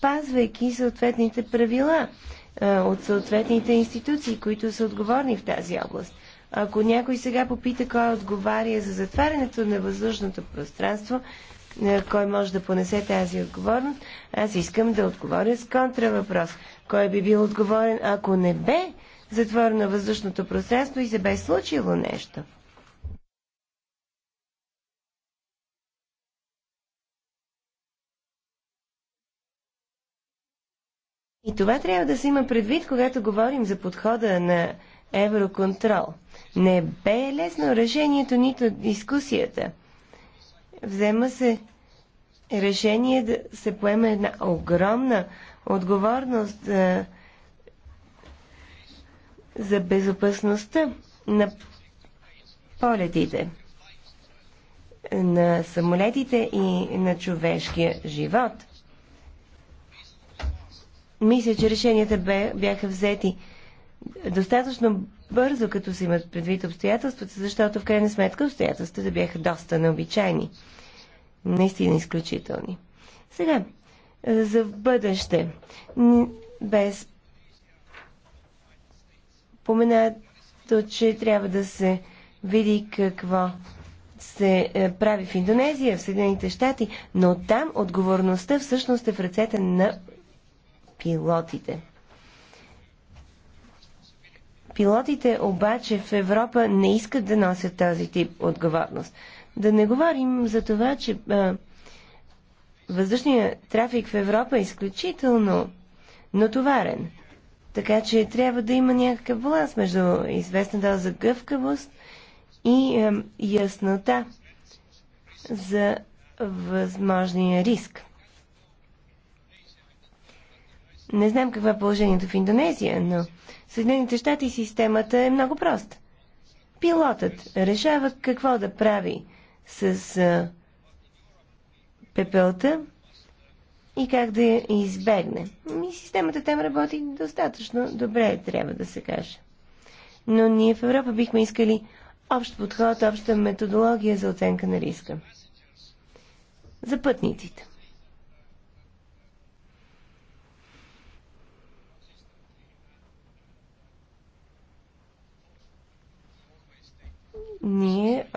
спазвайки съответните правила от съответните институции, които са отговорни в тази област. Ако някой сега попита кой отговаря за затварянето на въздушното пространство, кой може да понесе тази отговорност, аз искам да отговоря с контра въпрос: Кой би бил отговорен, ако не бе затворено въздушното пространство и се бе случило нещо? И това трябва да се има предвид, когато говорим за подхода на Евроконтрол. Не бе лесно решението, нито дискусията. Взема се решение да се поеме една огромна отговорност а, за безопасността на полетите, на самолетите и на човешкия живот – мисля, че решенията бяха взети достатъчно бързо, като се имат предвид обстоятелствата, защото в крайна сметка обстоятелствата бяха доста необичайни. Наистина изключителни. Сега, за в бъдеще, без поменато, че трябва да се види какво се е, прави в Индонезия, в Съединените щати, но там отговорността всъщност е в ръцете на пилотите. Пилотите обаче в Европа не искат да носят този тип отговорност. Да не говорим за това, че а, въздушният трафик в Европа е изключително натоварен. Така че трябва да има някакъв баланс между известна доза гъвкавост и а, яснота за възможния риск. Не знам какво е положението в Индонезия, но в Съединените щати системата е много проста. Пилотът решава какво да прави с а, пепелта и как да я избегне. И системата там работи достатъчно добре, трябва да се каже. Но ние в Европа бихме искали общ подход, обща методология за оценка на риска. За пътниците.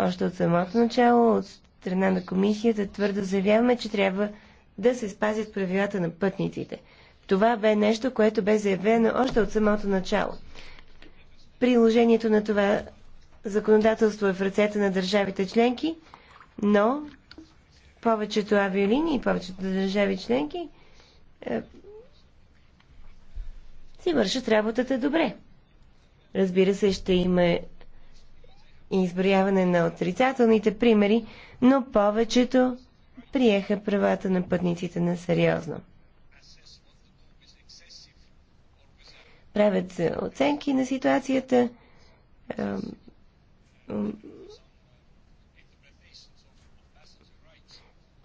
Още от самото начало, от страна на комисията, твърдо заявяваме, че трябва да се спазят правилата на пътниците. Това бе нещо, което бе заявено още от самото начало. Приложението на това законодателство е в ръцете на държавите членки, но повечето авиолинии, повечето държави членки е, си вършат работата добре. Разбира се, ще има и изброяване на отрицателните примери, но повечето приеха правата на пътниците на сериозно. Правят се оценки на ситуацията.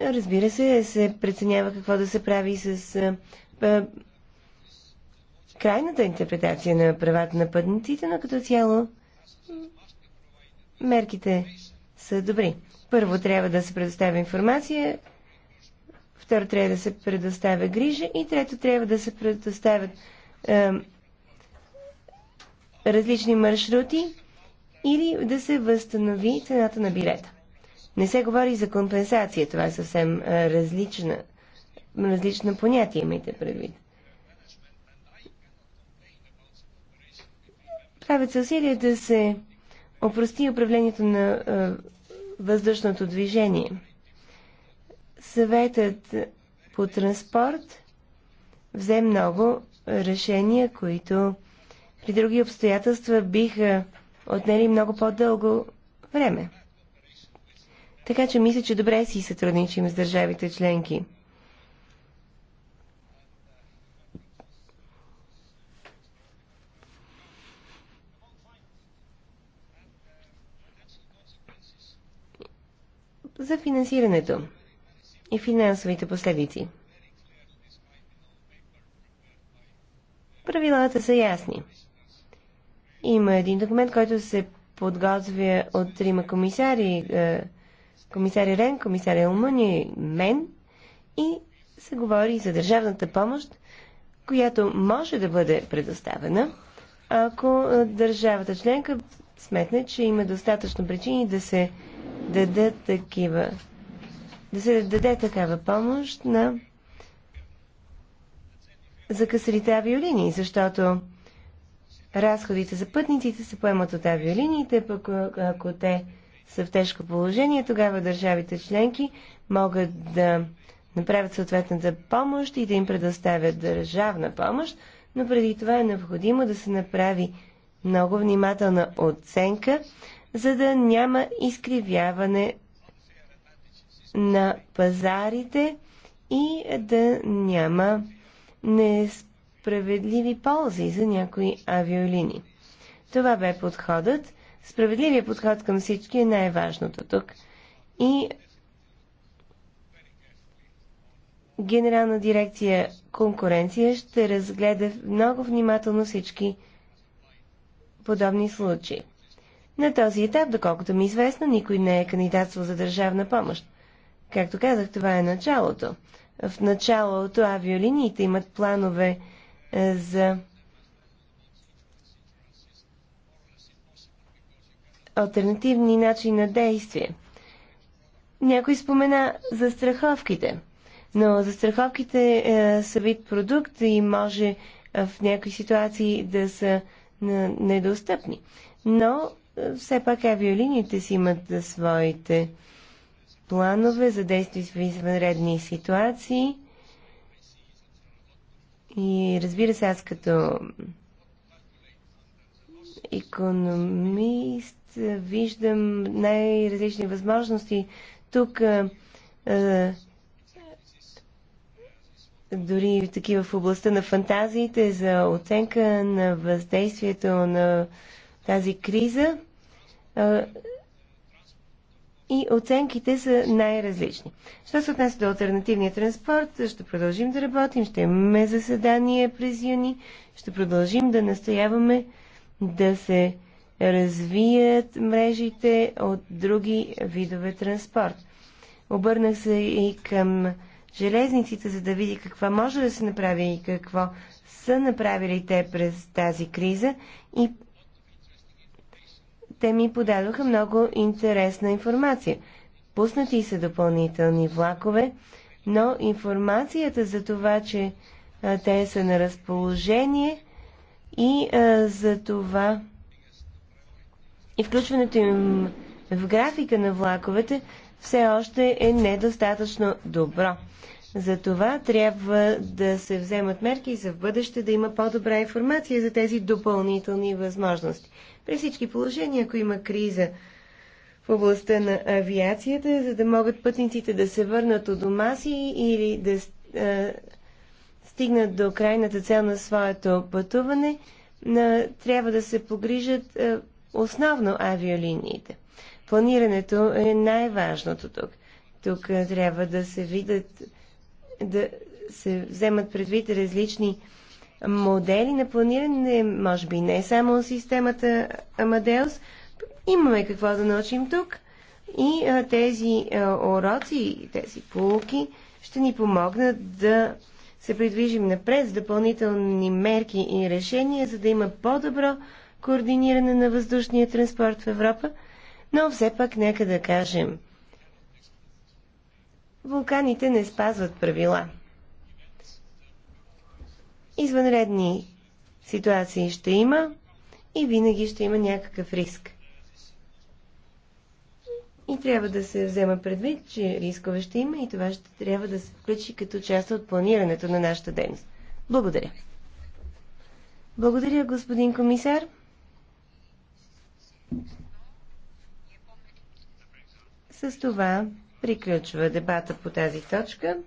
Разбира се, се преценява какво да се прави с крайната интерпретация на правата на пътниците, но като цяло мерките са добри. Първо трябва да се предоставя информация, второ трябва да се предоставя грижа и трето трябва да се предоставят е, различни маршрути или да се възстанови цената на билета. Не се говори за компенсация, това е съвсем е, различна, различно понятие, имайте предвид. Правят се усилия да се опрости управлението на въздушното движение. Съветът по транспорт взе много решения, които при други обстоятелства биха отнели много по-дълго време. Така че мисля, че добре си сътрудничим с държавите членки. За финансирането и финансовите последици. Правилата са ясни. Има един документ, който се подготвя от трима комисари, е, Комисари Рен, комисаря Алмъни, мен и се говори за държавната помощ, която може да бъде предоставена, ако е, държавата членка сметне, че има достатъчно причини да се дадат такива, да се даде такава помощ на закъсалите авиолинии, защото разходите за пътниците се поемат от авиолиниите, пък ако те са в тежко положение, тогава държавите членки могат да направят съответната помощ и да им предоставят държавна помощ, но преди това е необходимо да се направи много внимателна оценка за да няма изкривяване на пазарите и да няма несправедливи ползи за някои авиолини. Това бе подходът. Справедливият подход към всички е най-важното тук. И Генерална дирекция конкуренция ще разгледа много внимателно всички подобни случаи. На този етап, доколкото ми е известно, никой не е кандидатствал за държавна помощ. Както казах, това е началото. В началото авиолиниите имат планове е, за альтернативни начини на действие. Някой спомена за страховките, но застраховките е, са вид продукт и може е, в някои ситуации да са недостъпни. Но все пак авиолиниите си имат своите планове за действие в извънредни ситуации. И разбира се, аз като економист виждам най-различни възможности. Тук а, а, дори такива в областта на фантазиите за оценка на въздействието на тази криза и оценките са най-различни. Що се отнася до альтернативния транспорт, ще продължим да работим, ще имаме заседание през юни, ще продължим да настояваме да се развият мрежите от други видове транспорт. Обърнах се и към железниците, за да видя какво може да се направи и какво са направили те през тази криза и те ми подадоха много интересна информация. Пуснати са допълнителни влакове, но информацията за това, че а, те са на разположение и а, за това и включването им в графика на влаковете все още е недостатъчно добро. За това трябва да се вземат мерки и за в бъдеще да има по-добра информация за тези допълнителни възможности. При всички положения, ако има криза в областта на авиацията, за да могат пътниците да се върнат от дома си или да е, стигнат до крайната цел на своето пътуване, на, трябва да се погрижат е, основно авиолиниите. Планирането е най-важното тук. Тук трябва да се видят да се вземат предвид различни модели на планиране, може би не само системата Амадеус. Имаме какво да научим тук и а, тези а, уроци, тези полуки ще ни помогнат да се придвижим напред с допълнителни мерки и решения, за да има по-добро координиране на въздушния транспорт в Европа. Но все пак нека да кажем – вулканите не спазват правила. Извънредни ситуации ще има и винаги ще има някакъв риск. И трябва да се взема предвид, че рискове ще има и това ще трябва да се включи като част от планирането на нашата дейност. Благодаря. Благодаря, господин комисар. С това Приключва дебата по тази точка.